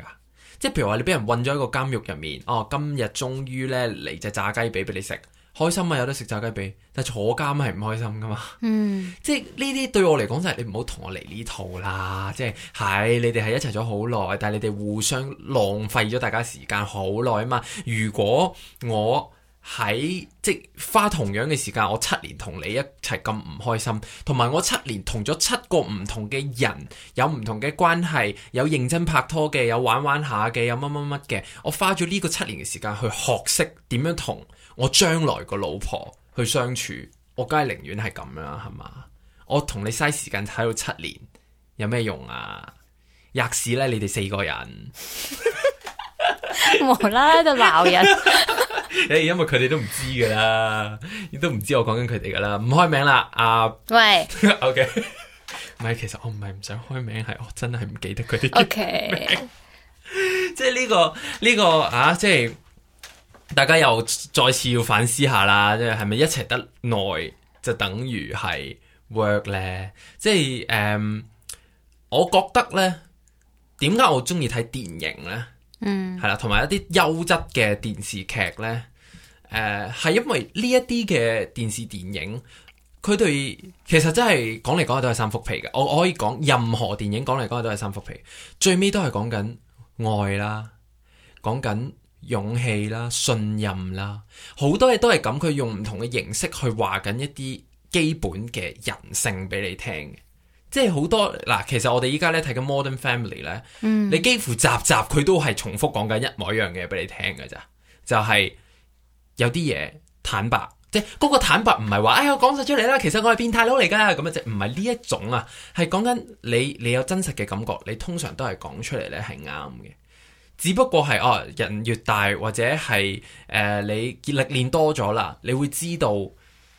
即係譬如話你俾人困咗喺個監獄入面，哦，今日終於呢，嚟隻炸雞俾俾你食。開心啊，有得食炸雞髀，但係坐監係唔開心噶嘛？嗯即，即係呢啲對我嚟講，就係，即係你唔好同我嚟呢套啦。即係係、哎、你哋係一齊咗好耐，但係你哋互相浪費咗大家時間好耐啊嘛。如果我喺即花同樣嘅時間，我七年同你一齊咁唔開心，同埋我七年同咗七個唔同嘅人，有唔同嘅關係，有認真拍拖嘅，有玩玩下嘅，有乜乜乜嘅，我花咗呢個七年嘅時間去學識點樣同我將來個老婆去相處，我梗係寧願係咁樣，係嘛？我同你嘥時間睇到七年，有咩用啊？吔屎咧！你哋四個人 <laughs> <laughs> 無啦啦就鬧人，誒 <laughs> <laughs> 因為佢哋都唔知噶啦，亦都唔知我講緊佢哋噶啦，唔開名啦，啊，喂 <laughs> ，OK，唔係，其實我唔係唔想開名，係我真係唔記得佢哋，OK，即係呢個呢個啊，即係。大家又再次要反思下啦，即係係咪一齊得耐，就等於係 work 咧？即係誒、嗯，我覺得呢，點解我中意睇電影呢？嗯，係啦，同埋一啲優質嘅電視劇呢，誒、呃，係因為呢一啲嘅電視電影，佢哋其實真係講嚟講去都係三幅皮嘅。我可以講任何電影講嚟講去都係三幅皮，最尾都係講緊愛啦，講緊。勇氣啦、信任啦，好多嘢都係咁，佢用唔同嘅形式去話緊一啲基本嘅人性俾你聽嘅，即係好多嗱、啊。其實我哋依家咧睇緊 Modern Family 咧、嗯，你幾乎集集佢都係重複講緊一模一樣嘅嘢俾你聽嘅咋，就係、是、有啲嘢坦白，即係嗰、那個坦白唔係話哎呀講晒出嚟啦，其實我係變態佬嚟噶咁啊，即唔係呢一種啊，係講緊你你有真實嘅感覺，你通常都係講出嚟咧係啱嘅。只不過係哦，人越大或者係誒、呃，你歷練多咗啦，你會知道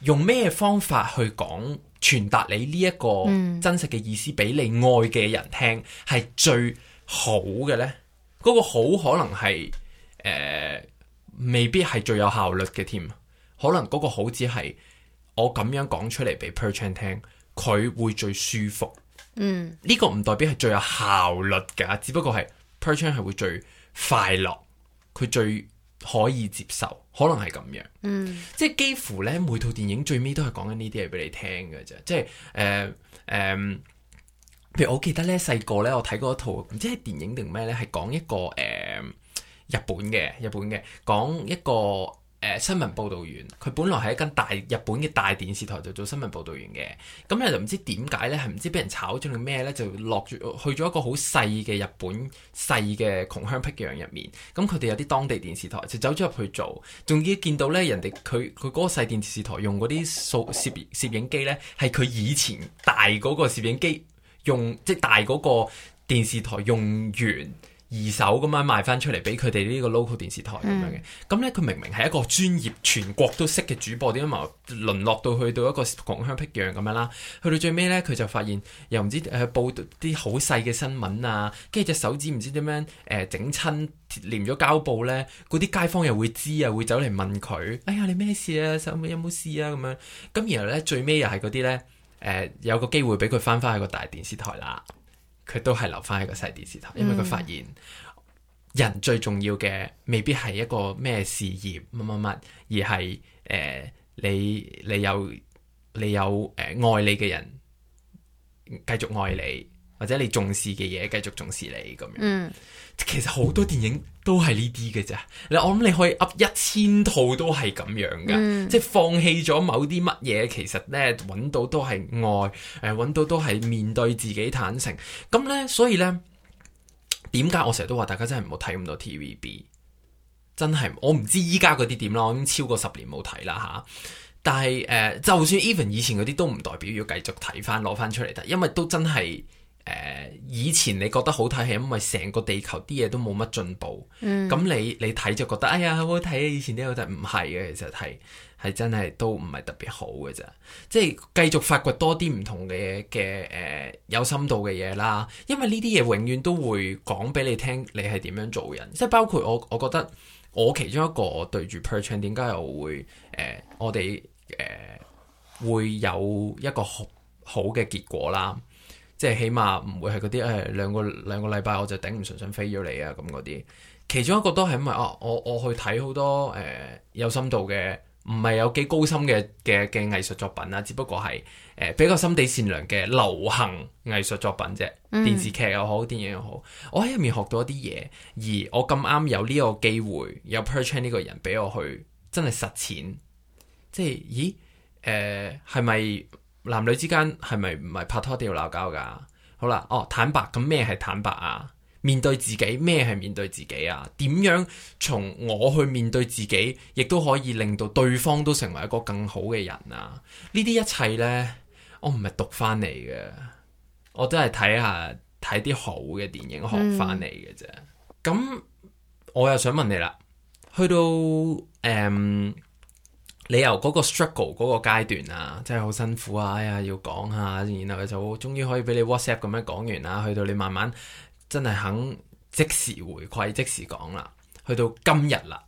用咩方法去講傳達你呢一個真實嘅意思俾你愛嘅人聽係、嗯、最好嘅呢？嗰、那個好可能係誒、呃，未必係最有效率嘅添。可能嗰個好只係我咁樣講出嚟俾 Perchin 聽，佢會最舒服。嗯，呢個唔代表係最有效率噶，只不過係。p r 係會最快樂，佢最可以接受，可能係咁樣。嗯，即係幾乎咧，每套電影最尾都係講緊呢啲嘢俾你聽嘅啫。即係誒誒，譬如我記得咧，細個咧，我睇過一套唔知係電影定咩咧，係講一個誒日本嘅日本嘅講一個。呃誒新聞報導員，佢本來係一間大日本嘅大電視台就做新聞報導員嘅，咁咧就唔知點解咧，係唔知俾人炒咗定咩咧，就落住去咗一個好細嘅日本細嘅窮鄉僻壤入面。咁佢哋有啲當地電視台就走咗入去做，仲要見到咧，人哋佢佢嗰個細電視台用嗰啲數攝攝影機咧，係佢以前大嗰個攝影機用，即係大嗰個電視台用完。二手咁樣賣翻出嚟俾佢哋呢個 local 電視台咁、嗯、樣嘅，咁咧佢明明係一個專業全國都識嘅主播，點解冇淪落到去到一個窮鄉僻壤咁樣啦？去到最尾咧，佢就發現又唔知誒、呃、報啲好細嘅新聞啊，跟住隻手指唔知點樣誒整親黏咗膠布咧，嗰啲街坊又會知啊，會走嚟問佢：哎呀，你咩事啊？有冇事啊？咁樣咁，然後咧最尾又係嗰啲咧誒有個機會俾佢翻返去個大電視台啦。佢都係留翻喺個細電視台，因為佢發現人最重要嘅未必係一個咩事業乜乜乜，而係誒、呃、你你有你有誒、呃、愛你嘅人繼續愛你，或者你重視嘅嘢繼續重視你咁樣。嗯其實好多電影都係呢啲嘅啫，你我諗你可以 up 一千套都係咁樣嘅，嗯、即係放棄咗某啲乜嘢，其實呢，揾到都係愛，誒揾到都係面對自己坦誠，咁呢，所以呢，點解我成日都話大家真係唔好睇咁多 TVB？真係我唔知依家嗰啲點咯，我已經超過十年冇睇啦吓。但係誒、呃，就算 even 以前嗰啲都唔代表要繼續睇翻攞翻出嚟睇，因為都真係。誒，uh, 以前你覺得好睇，係因為成個地球啲嘢都冇乜進步。嗯，咁你你睇就覺得，哎呀好睇啊！以前啲嘢就唔係嘅，其實係係真係都唔係特別好嘅啫。即係繼續發掘多啲唔同嘅嘢嘅，誒、呃、有深度嘅嘢啦。因為呢啲嘢永遠都會講俾你聽，你係點樣做人。即係包括我，我覺得我其中一個對住 Perchian 點解我會誒、呃，我哋誒、呃、會有一個好好嘅結果啦。即係起碼唔會係嗰啲誒、兩個兩個禮拜我就頂唔順想飛咗你啊，咁嗰啲，其中一個都係因為哦、啊，我我去睇好多誒、呃、有深度嘅，唔係有幾高深嘅嘅嘅藝術作品啊，只不過係誒、呃、比較心地善良嘅流行藝術作品啫，嗯、電視劇又好，電影又好，我喺入面學到一啲嘢，而我咁啱有呢個機會，有 Perchance 呢個人俾我去真係實踐，即係咦誒係咪？呃是男女之間係咪唔係拍拖都要鬧交噶？好啦，哦，坦白咁咩係坦白啊？面對自己咩係面對自己啊？點樣從我去面對自己，亦都可以令到對方都成為一個更好嘅人啊？呢啲一切呢，我唔係讀翻嚟嘅，我都係睇下睇啲好嘅電影學翻嚟嘅啫。咁、嗯、我又想問你啦，去到誒。嗯你由嗰個 struggle 嗰個階段啊，真係好辛苦啊，哎呀要講下，然後就終於可以俾你 WhatsApp 咁樣講完啦，啊，去到你慢慢真係肯即時回饋，即時講啦，去到今日啦，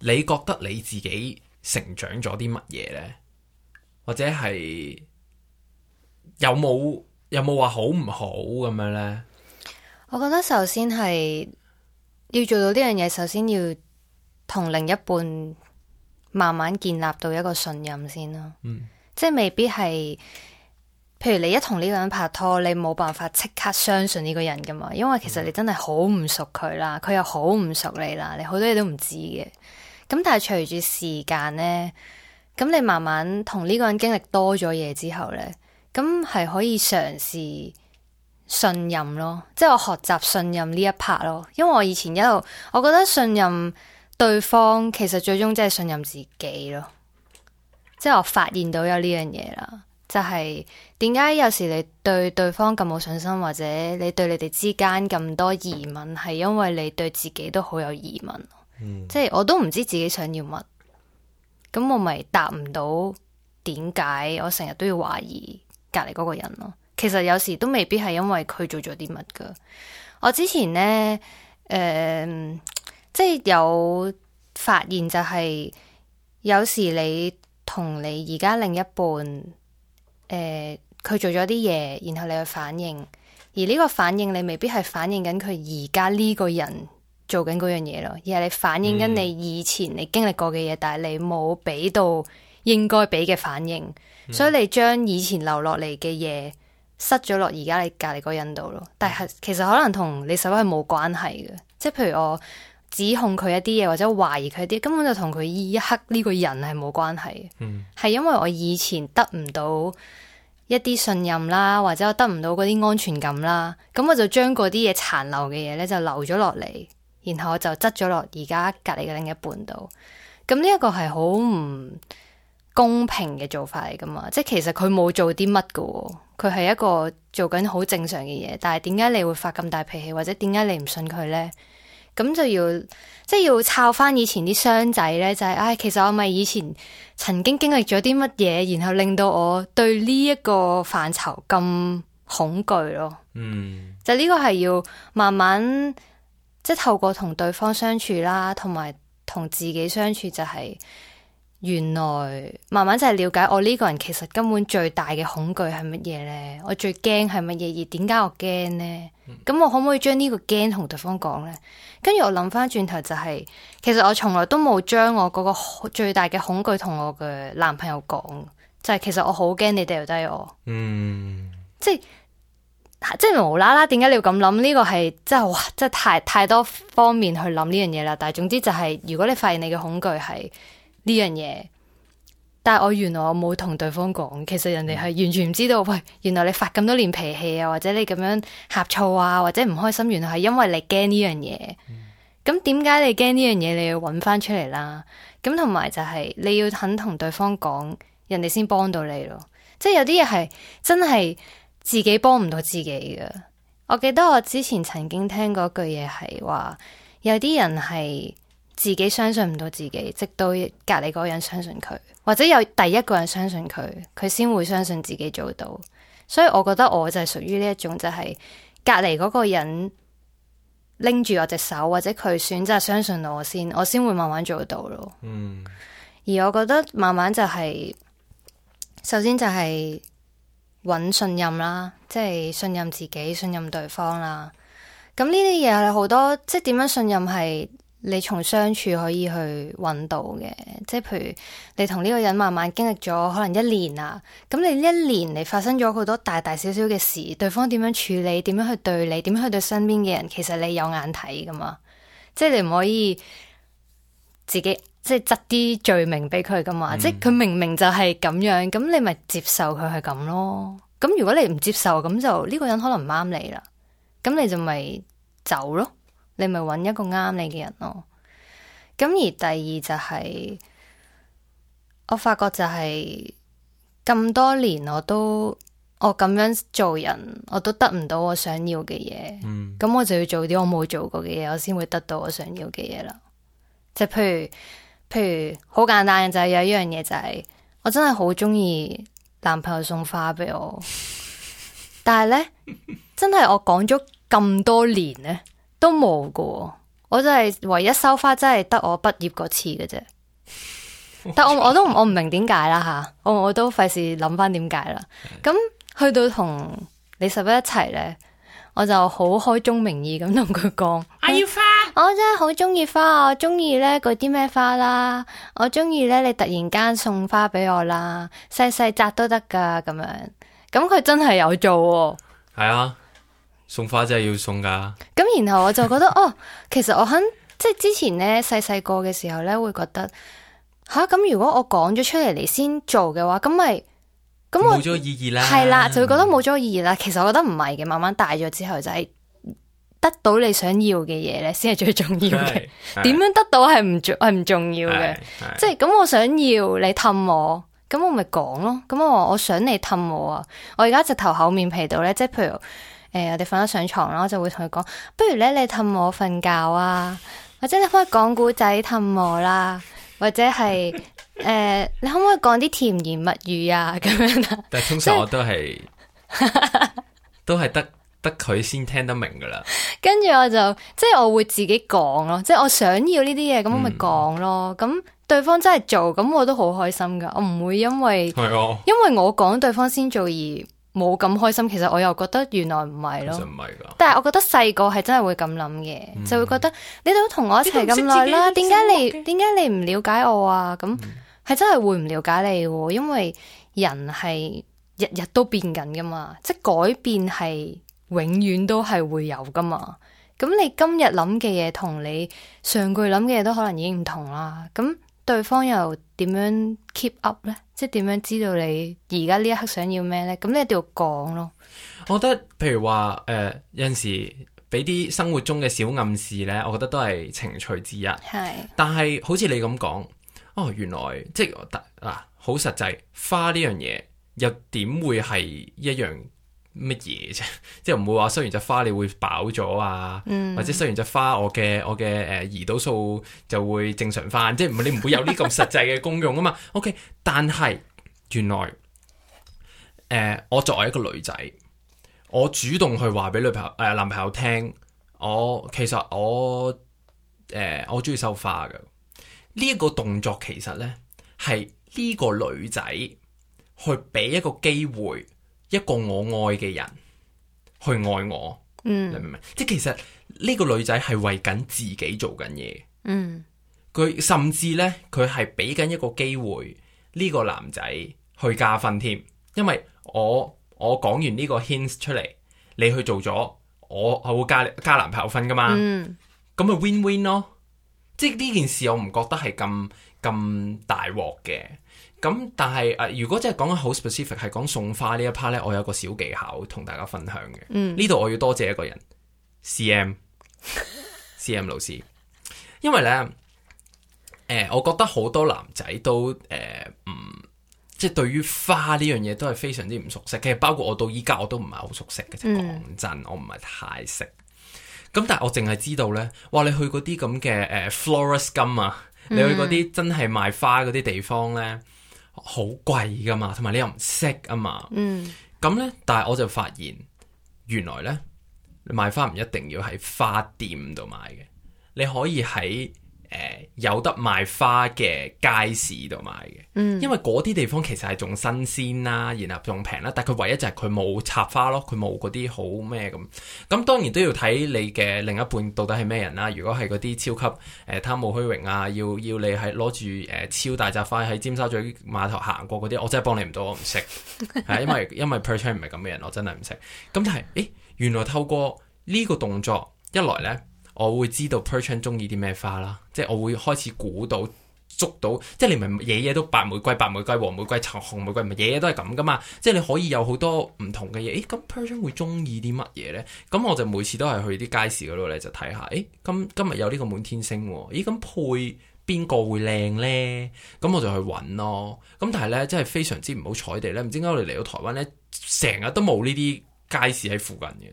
你覺得你自己成長咗啲乜嘢呢？或者係有冇有冇話好唔好咁樣呢？我覺得首先係要做到呢樣嘢，首先要同另一半。慢慢建立到一個信任先咯，嗯、即係未必係，譬如你一同呢個人拍拖，你冇辦法即刻相信呢個人噶嘛，因為其實你真係好唔熟佢啦，佢又好唔熟你啦，你好多嘢都唔知嘅。咁但係隨住時間呢，咁你慢慢同呢個人經歷多咗嘢之後呢，咁係可以嘗試信任咯，即係我學習信任呢一 part 咯，因為我以前一路，我覺得信任。對方其實最終真係信任自己咯，即係我發現到有呢樣嘢啦，就係點解有時你對對方咁冇信心，或者你對你哋之間咁多疑問，係因為你對自己都好有疑問，嗯、即係我都唔知自己想要乜，咁我咪答唔到點解我成日都要懷疑隔籬嗰個人咯？其實有時都未必係因為佢做咗啲乜噶，我之前呢。誒、呃。即係有發現就係有時你同你而家另一半誒、佢、呃、做咗啲嘢，然後你去反應，而呢個反應你未必係反應緊佢而家呢個人做緊嗰樣嘢咯，而係你反應緊你以前你經歷過嘅嘢，嗯、但係你冇俾到應該俾嘅反應，嗯、所以你將以前留落嚟嘅嘢塞咗落而家你隔籬嗰人度咯。但係其實可能同你手係冇關係嘅，即係譬如我。指控佢一啲嘢，或者懷疑佢啲根本就同佢依一刻呢個人係冇關係嘅，係、嗯、因為我以前得唔到一啲信任啦，或者我得唔到嗰啲安全感啦，咁我就將嗰啲嘢殘留嘅嘢咧就留咗落嚟，然後我就執咗落而家隔離嘅另一半度。咁呢一個係好唔公平嘅做法嚟㗎嘛？即係其實佢冇做啲乜㗎喎，佢係一個做緊好正常嘅嘢，但係點解你會發咁大脾氣，或者點解你唔信佢呢？咁就要即係、就是、要抄返以前啲箱仔咧，就係、是、唉、哎，其實我咪以前曾經經歷咗啲乜嘢，然後令到我對呢一個範疇咁恐懼咯。嗯，就呢個係要慢慢即係、就是、透過同對方相處啦，同埋同自己相處就係、是。原來慢慢就係了解我呢個人其實根本最大嘅恐懼係乜嘢呢？我最驚係乜嘢？而點解我驚呢？咁我可唔可以將呢個驚同對方講呢？跟住我諗翻轉頭就係，其實我從來都冇將我嗰個最大嘅恐懼同我嘅男朋友講，就係其實我好驚你掉低我。嗯，即係即係無啦啦，點解你要咁諗？呢個係即係哇，真係太太多方面去諗呢樣嘢啦。但係總之就係，如果你發現你嘅恐懼係。呢樣嘢，但係我原來我冇同對方講，其實人哋係完全唔知道，嗯、喂，原來你發咁多年脾氣啊，或者你咁樣呷醋啊，或者唔開心，原來係因為你驚呢樣嘢。咁點解你驚呢樣嘢？你要揾翻出嚟啦。咁同埋就係、是、你要肯同對方講，人哋先幫到你咯。即係有啲嘢係真係自己幫唔到自己噶。我記得我之前曾經聽過一句嘢係話，有啲人係。自己相信唔到自己，直到隔籬嗰個人相信佢，或者有第一個人相信佢，佢先會相信自己做到。所以我覺得我就係屬於呢一種，就係隔籬嗰個人拎住我隻手，或者佢選擇相信我先，我先會慢慢做到咯。嗯。而我覺得慢慢就係、是，首先就係搵信任啦，即係信任自己、信任對方啦。咁呢啲嘢係好多，即係點樣信任係？你從相處可以去揾到嘅，即係譬如你同呢個人慢慢經歷咗可能一年啊，咁你呢一年你發生咗好多大大小小嘅事，對方點樣處理，點樣去對你，點樣去對身邊嘅人，其實你有眼睇噶嘛，即係你唔可以自己即係執啲罪名俾佢噶嘛，嗯、即係佢明明就係咁樣，咁你咪接受佢係咁咯。咁如果你唔接受，咁就呢個人可能唔啱你啦，咁你就咪走咯。你咪揾一個啱你嘅人咯。咁而第二就係，我發覺就係咁多年我都我咁樣做人，我都得唔到我想要嘅嘢。咁、嗯、我就要做啲我冇做過嘅嘢，我先會得到我想要嘅嘢啦。就譬如譬如好簡單嘅就係有一樣嘢就係，我真係好中意男朋友送花俾我。但係呢，真係我講咗咁多年呢。都冇噶，我真係唯一收花真係得我畢業嗰次嘅啫。但我我都我唔明點解啦吓，我、啊、我，我都費事諗翻點解啦。咁、 <noise> 嗯、去到同李十一一齊咧，我就好開宗明義咁同佢講，我要花，我真係好中意花，我中意咧嗰啲咩花啦，我中意咧你突然間送花俾我啦，細細紮都得噶咁樣。咁佢真係有做、哦，係啊。送花真係要送噶，咁 <laughs> 然後我就覺得哦，其實我肯即係之前咧細細個嘅時候咧會覺得吓咁、啊，如果我講咗出嚟嚟先做嘅話，咁咪咁我冇咗意義啦，係、嗯、啦，就會覺得冇咗意義啦。其實我覺得唔係嘅，慢慢大咗之後就係得到你想要嘅嘢咧，先係最重要嘅。點對樣得到係唔係唔重要嘅，即係咁、嗯、我想要你氹我，咁我咪講咯，咁我話我想你氹我啊，我而家直頭厚面皮到咧，即係譬如。誒、欸，我哋瞓咗上床啦，我就會同佢講，不如咧你氹我瞓覺啊，或者你可以講古仔氹我啦，或者係誒、呃，你可唔可以講啲甜言蜜語啊咁樣啦？ <laughs> 但係通常我都係， <laughs> 都係得得佢先聽得明噶啦。 <laughs> 跟住我就即係我會自己講咯，即係我想要呢啲嘢，咁我咪講咯。咁、嗯、對方真係做，咁我都好開心噶。我唔會因為係、嗯、因為我講對方先做而。冇咁開心，其實我又覺得原來唔係咯，但係我覺得細個係真係會咁諗嘅，嗯、就會覺得你都同我一齊咁耐啦，點解你點解你唔了解我啊？咁係、嗯、真係會唔了解你喎，因為人係日日都變緊㗎嘛，即係改變係永遠都係會有㗎嘛。咁你今日諗嘅嘢同你上句諗嘅嘢都可能已經唔同啦。咁。對方又點樣 keep up 咧？即係點樣知道你而家呢一刻想要咩咧？咁你一定要講咯。我覺得，譬如話誒、呃、有陣時俾啲生活中嘅小暗示咧，我覺得都係情趣之一。係，但係好似你咁講，哦，原來即係嗱、啊、好實際，花呢樣嘢又點會係一樣？乜嘢啫？即係唔會話收完隻花你會飽咗啊？嗯、或者收完隻花我嘅我嘅誒胰島素就會正常翻？即係唔係你唔會有呢咁實際嘅功用啊嘛 <laughs> ？OK，但係原來誒、呃、我作為一個女仔，我主動去話俾女朋友誒、呃、男朋友聽，我其實我誒、呃、我中意收花嘅呢一個動作，其實咧係呢個女仔去俾一個機會。一個我愛嘅人去愛我，嗯、明唔明？即係其實呢個女仔係為緊自己做緊嘢。嗯，佢甚至呢，佢係俾緊一個機會呢個男仔去加分添。因為我我講完呢個 hints 出嚟，你去做咗，我我會加加男朋友分㗎嘛。嗯，咁咪 win win 咯。即係呢件事，我唔覺得係咁咁大鑊嘅。咁但係誒、呃，如果真係講緊好 specific，係講送花呢一 part 呢，我有個小技巧同大家分享嘅。呢度、嗯、我要多謝一個人，C M <laughs> C M 老師，因為呢，誒、呃，我覺得好多男仔都誒唔即係對於花呢樣嘢都係非常之唔熟悉。其實包括我到依家我都唔係好熟悉嘅，嗯、真講真，我唔係太識。咁、嗯、但係我淨係知道呢，哇！你去嗰啲咁嘅誒 Florist 金啊，你去嗰啲真係賣花嗰啲地方呢。嗯好貴噶嘛，同埋你又唔識啊嘛，咁咧、嗯，但係我就發現原來咧，買花唔一定要喺花店度買嘅，你可以喺。誒，有得賣花嘅街市度買嘅，嗯，因為嗰啲地方其實係仲新鮮啦，然後仲平啦，但係佢唯一就係佢冇插花咯，佢冇嗰啲好咩咁，咁當然都要睇你嘅另一半到底係咩人啦。如果係嗰啲超級誒貪慕虛榮啊，要要你喺攞住誒超大扎花喺尖沙咀碼頭行過嗰啲，我真係幫你唔到，我唔識，係 <laughs> <laughs> 因為因為 Per 老唔係咁嘅人，我真係唔識。咁就係、是，誒、欸，原來透過呢個動作一來咧。我會知道 Person 中意啲咩花啦，即係我會開始估到捉到，即係你咪夜夜都白玫瑰、白玫瑰、黃玫瑰、紅玫瑰，咪夜夜都係咁噶嘛。即係你可以有好多唔同嘅嘢，誒咁 Person 會中意啲乜嘢咧？咁我就每次都係去啲街市嗰度咧，就睇下，誒今今日有呢個滿天星喎，啊，咦咁配邊個會靚咧？咁我就去揾咯。咁但係咧，真係非常之唔好彩地咧，唔知點解我哋嚟到台灣咧，成日都冇呢啲街市喺附近嘅。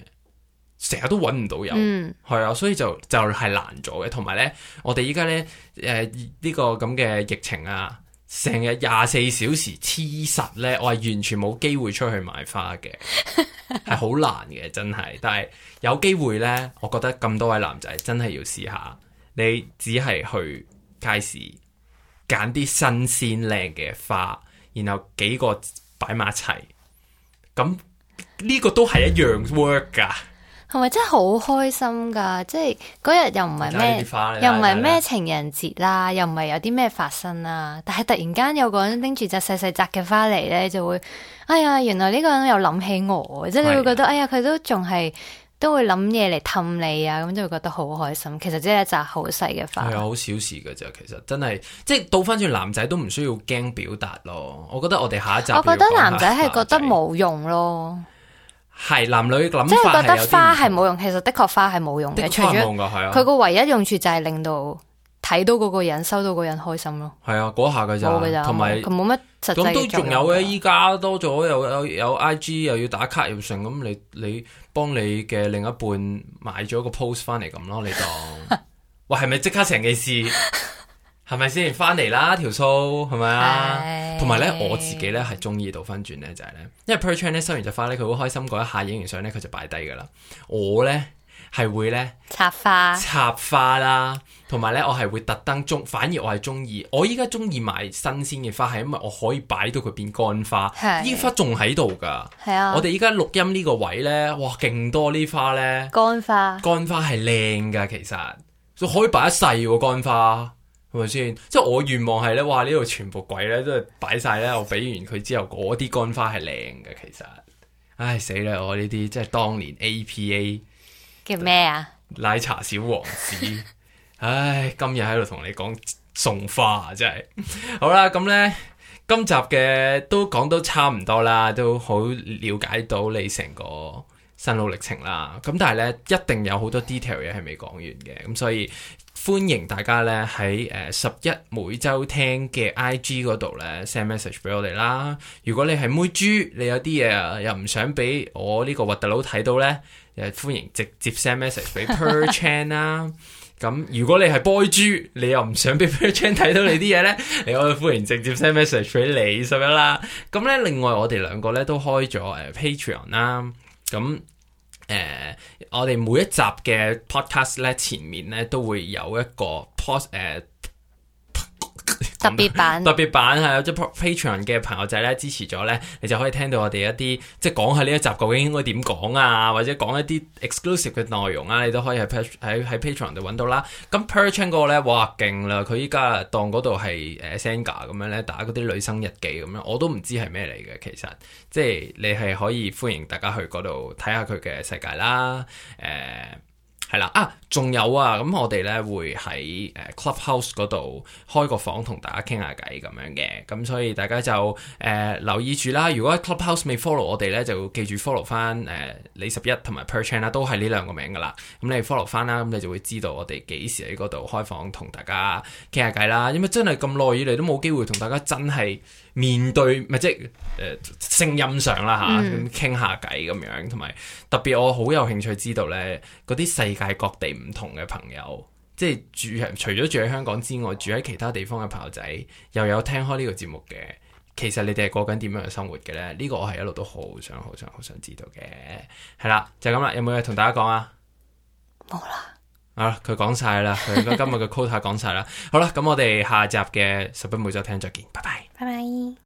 成日都揾唔到人，係啊、嗯，所以就就係、是、難咗嘅。同埋呢，我哋依家呢，誒、呃、呢、呢個咁嘅疫情啊，成日廿四小時黐實呢，我係完全冇機會出去買花嘅，係好 <laughs> 難嘅，真係。但係有機會呢，我覺得咁多位男仔真係要試下，你只係去街市揀啲新鮮靚嘅花，然後幾個擺埋一齊，咁呢、呢個都係一樣 work 噶。係咪真係好開心噶？即係嗰日又唔係咩花又唔係咩情人節啦，啊，又唔係有啲咩發生啦，啊。但係突然間有個人拎住只細細扎嘅花嚟咧，就會哎呀，原來呢個人又諗起我，是啊、即係你會覺得哎呀，佢都仲係都會諗嘢嚟氹你啊，咁就會覺得好開心。其實只係一紮好細嘅花，係啊，好小事噶啫。其實真係即係倒翻轉，男仔都唔需要驚表達咯。我覺得我哋下一集一下，我覺得男仔係覺得冇用咯。係男女諗，即係覺得花係冇用，其實的確花係冇用嘅。除咗佢個唯一用處就係令到睇到嗰個人、收到嗰人開心咯。係啊，嗰下嘅就同埋佢冇乜實際。咁都仲有嘅，依家多咗又有有，有 I G 又要打卡入城，咁你你幫你嘅另一半買咗個 post 翻嚟咁咯，你當我係咪即刻成件事？ <laughs> 係咪先？翻嚟啦，條數係咪啊？同埋咧，我自己咧係中意倒翻轉咧，就係、是、咧，因為 Per 咧收完隻花咧，佢好開心嗰一下影完相咧，佢就擺低噶啦。我咧係會咧插花，插花啦。同埋咧，我係會特登中，反而我係中意，我依家中意買新鮮嘅花，係因為我可以擺到佢變乾花。係是，依花仲喺度噶。係啊，我哋依家錄音呢個位咧，哇，勁多花呢花咧，乾花，乾花係靚噶，其實，所以可以擺一世喎，乾花。咁咪先，即係我願望係咧，哇！呢度全部櫃咧，都擺晒咧。我俾完佢之後，嗰啲乾花係靚嘅。其實，唉死啦！我呢啲即係當年 APA 叫咩啊？奶茶小王子。 <laughs> 唉，今日喺度同你講送花真係。好啦，咁咧，今集嘅都講到差唔多啦，都好了解到你成個心路歷程啦。咁但係咧，一定有好多 detail 嘢係未講完嘅，咁所以。歡迎大家咧喺誒十一每週聽嘅 IG 嗰度咧 send message 俾我哋啦。如果你係妹豬，你有啲嘢又唔想俾我呢個核突佬睇到咧，誒歡迎直接 send message 俾 Per Chan 啦。咁 <laughs> 如果你係 boy 豬，你又唔想俾 Per Chan 睇到你啲嘢咧， <laughs> 你可以歡迎直接 send message 俾你十一，咁樣啦。咁咧，另外我哋兩個咧都開咗誒 Patreon 啦，咁、嗯、誒。呃我哋每一集嘅 podcast 咧，前面咧都會有一個 post 誒、呃。特別版 <music> 特別版係有啲，啊、Patreon 嘅朋友仔咧，支持咗咧，你就可以聽到我哋一啲即係講下呢一集究竟應該點講啊，或者講一啲 exclusive 嘅內容啊，你都可以喺 pat 喺喺 Patreon 度搵到啦。咁 perch 嗰個咧，哇勁啦！佢依家當嗰度係誒 singer 咁樣咧，打嗰啲女生日記咁樣，我都唔知係咩嚟嘅。其實即係你係可以歡迎大家去嗰度睇下佢嘅世界啦。誒、呃。係啦，啊，仲有啊，咁、嗯、我哋咧會喺誒、呃、Clubhouse 嗰度開個房同大家傾下偈咁樣嘅，咁、嗯、所以大家就誒、呃、留意住啦。如果 Clubhouse 未 follow 我哋咧，就記住 follow 翻誒、呃、李十一同埋 Perchan 啦，都係呢兩個名噶啦。咁、嗯、你 follow 翻啦，咁、嗯、你就會知道我哋幾時喺嗰度開房同大家傾下偈啦。因為真係咁耐以嚟都冇機會同大家真係。面對咪即係誒聲音上啦，嚇咁傾下偈咁樣，同埋、嗯、特別我好有興趣知道呢，嗰啲世界各地唔同嘅朋友，即係住除咗住喺香港之外，住喺其他地方嘅朋友仔又有聽開呢個節目嘅，其實你哋係過緊點樣嘅生活嘅呢？呢、呢個我係一路都好想、好想、好想知道嘅。係啦，就咁、是、啦，有冇嘢同大家講啊？冇啦。 <laughs> 啊！佢講晒啦，佢今日嘅 quota 講晒啦。 <laughs> 好啦，咁我哋下集嘅拾壹每週聽，再見，拜拜，拜拜。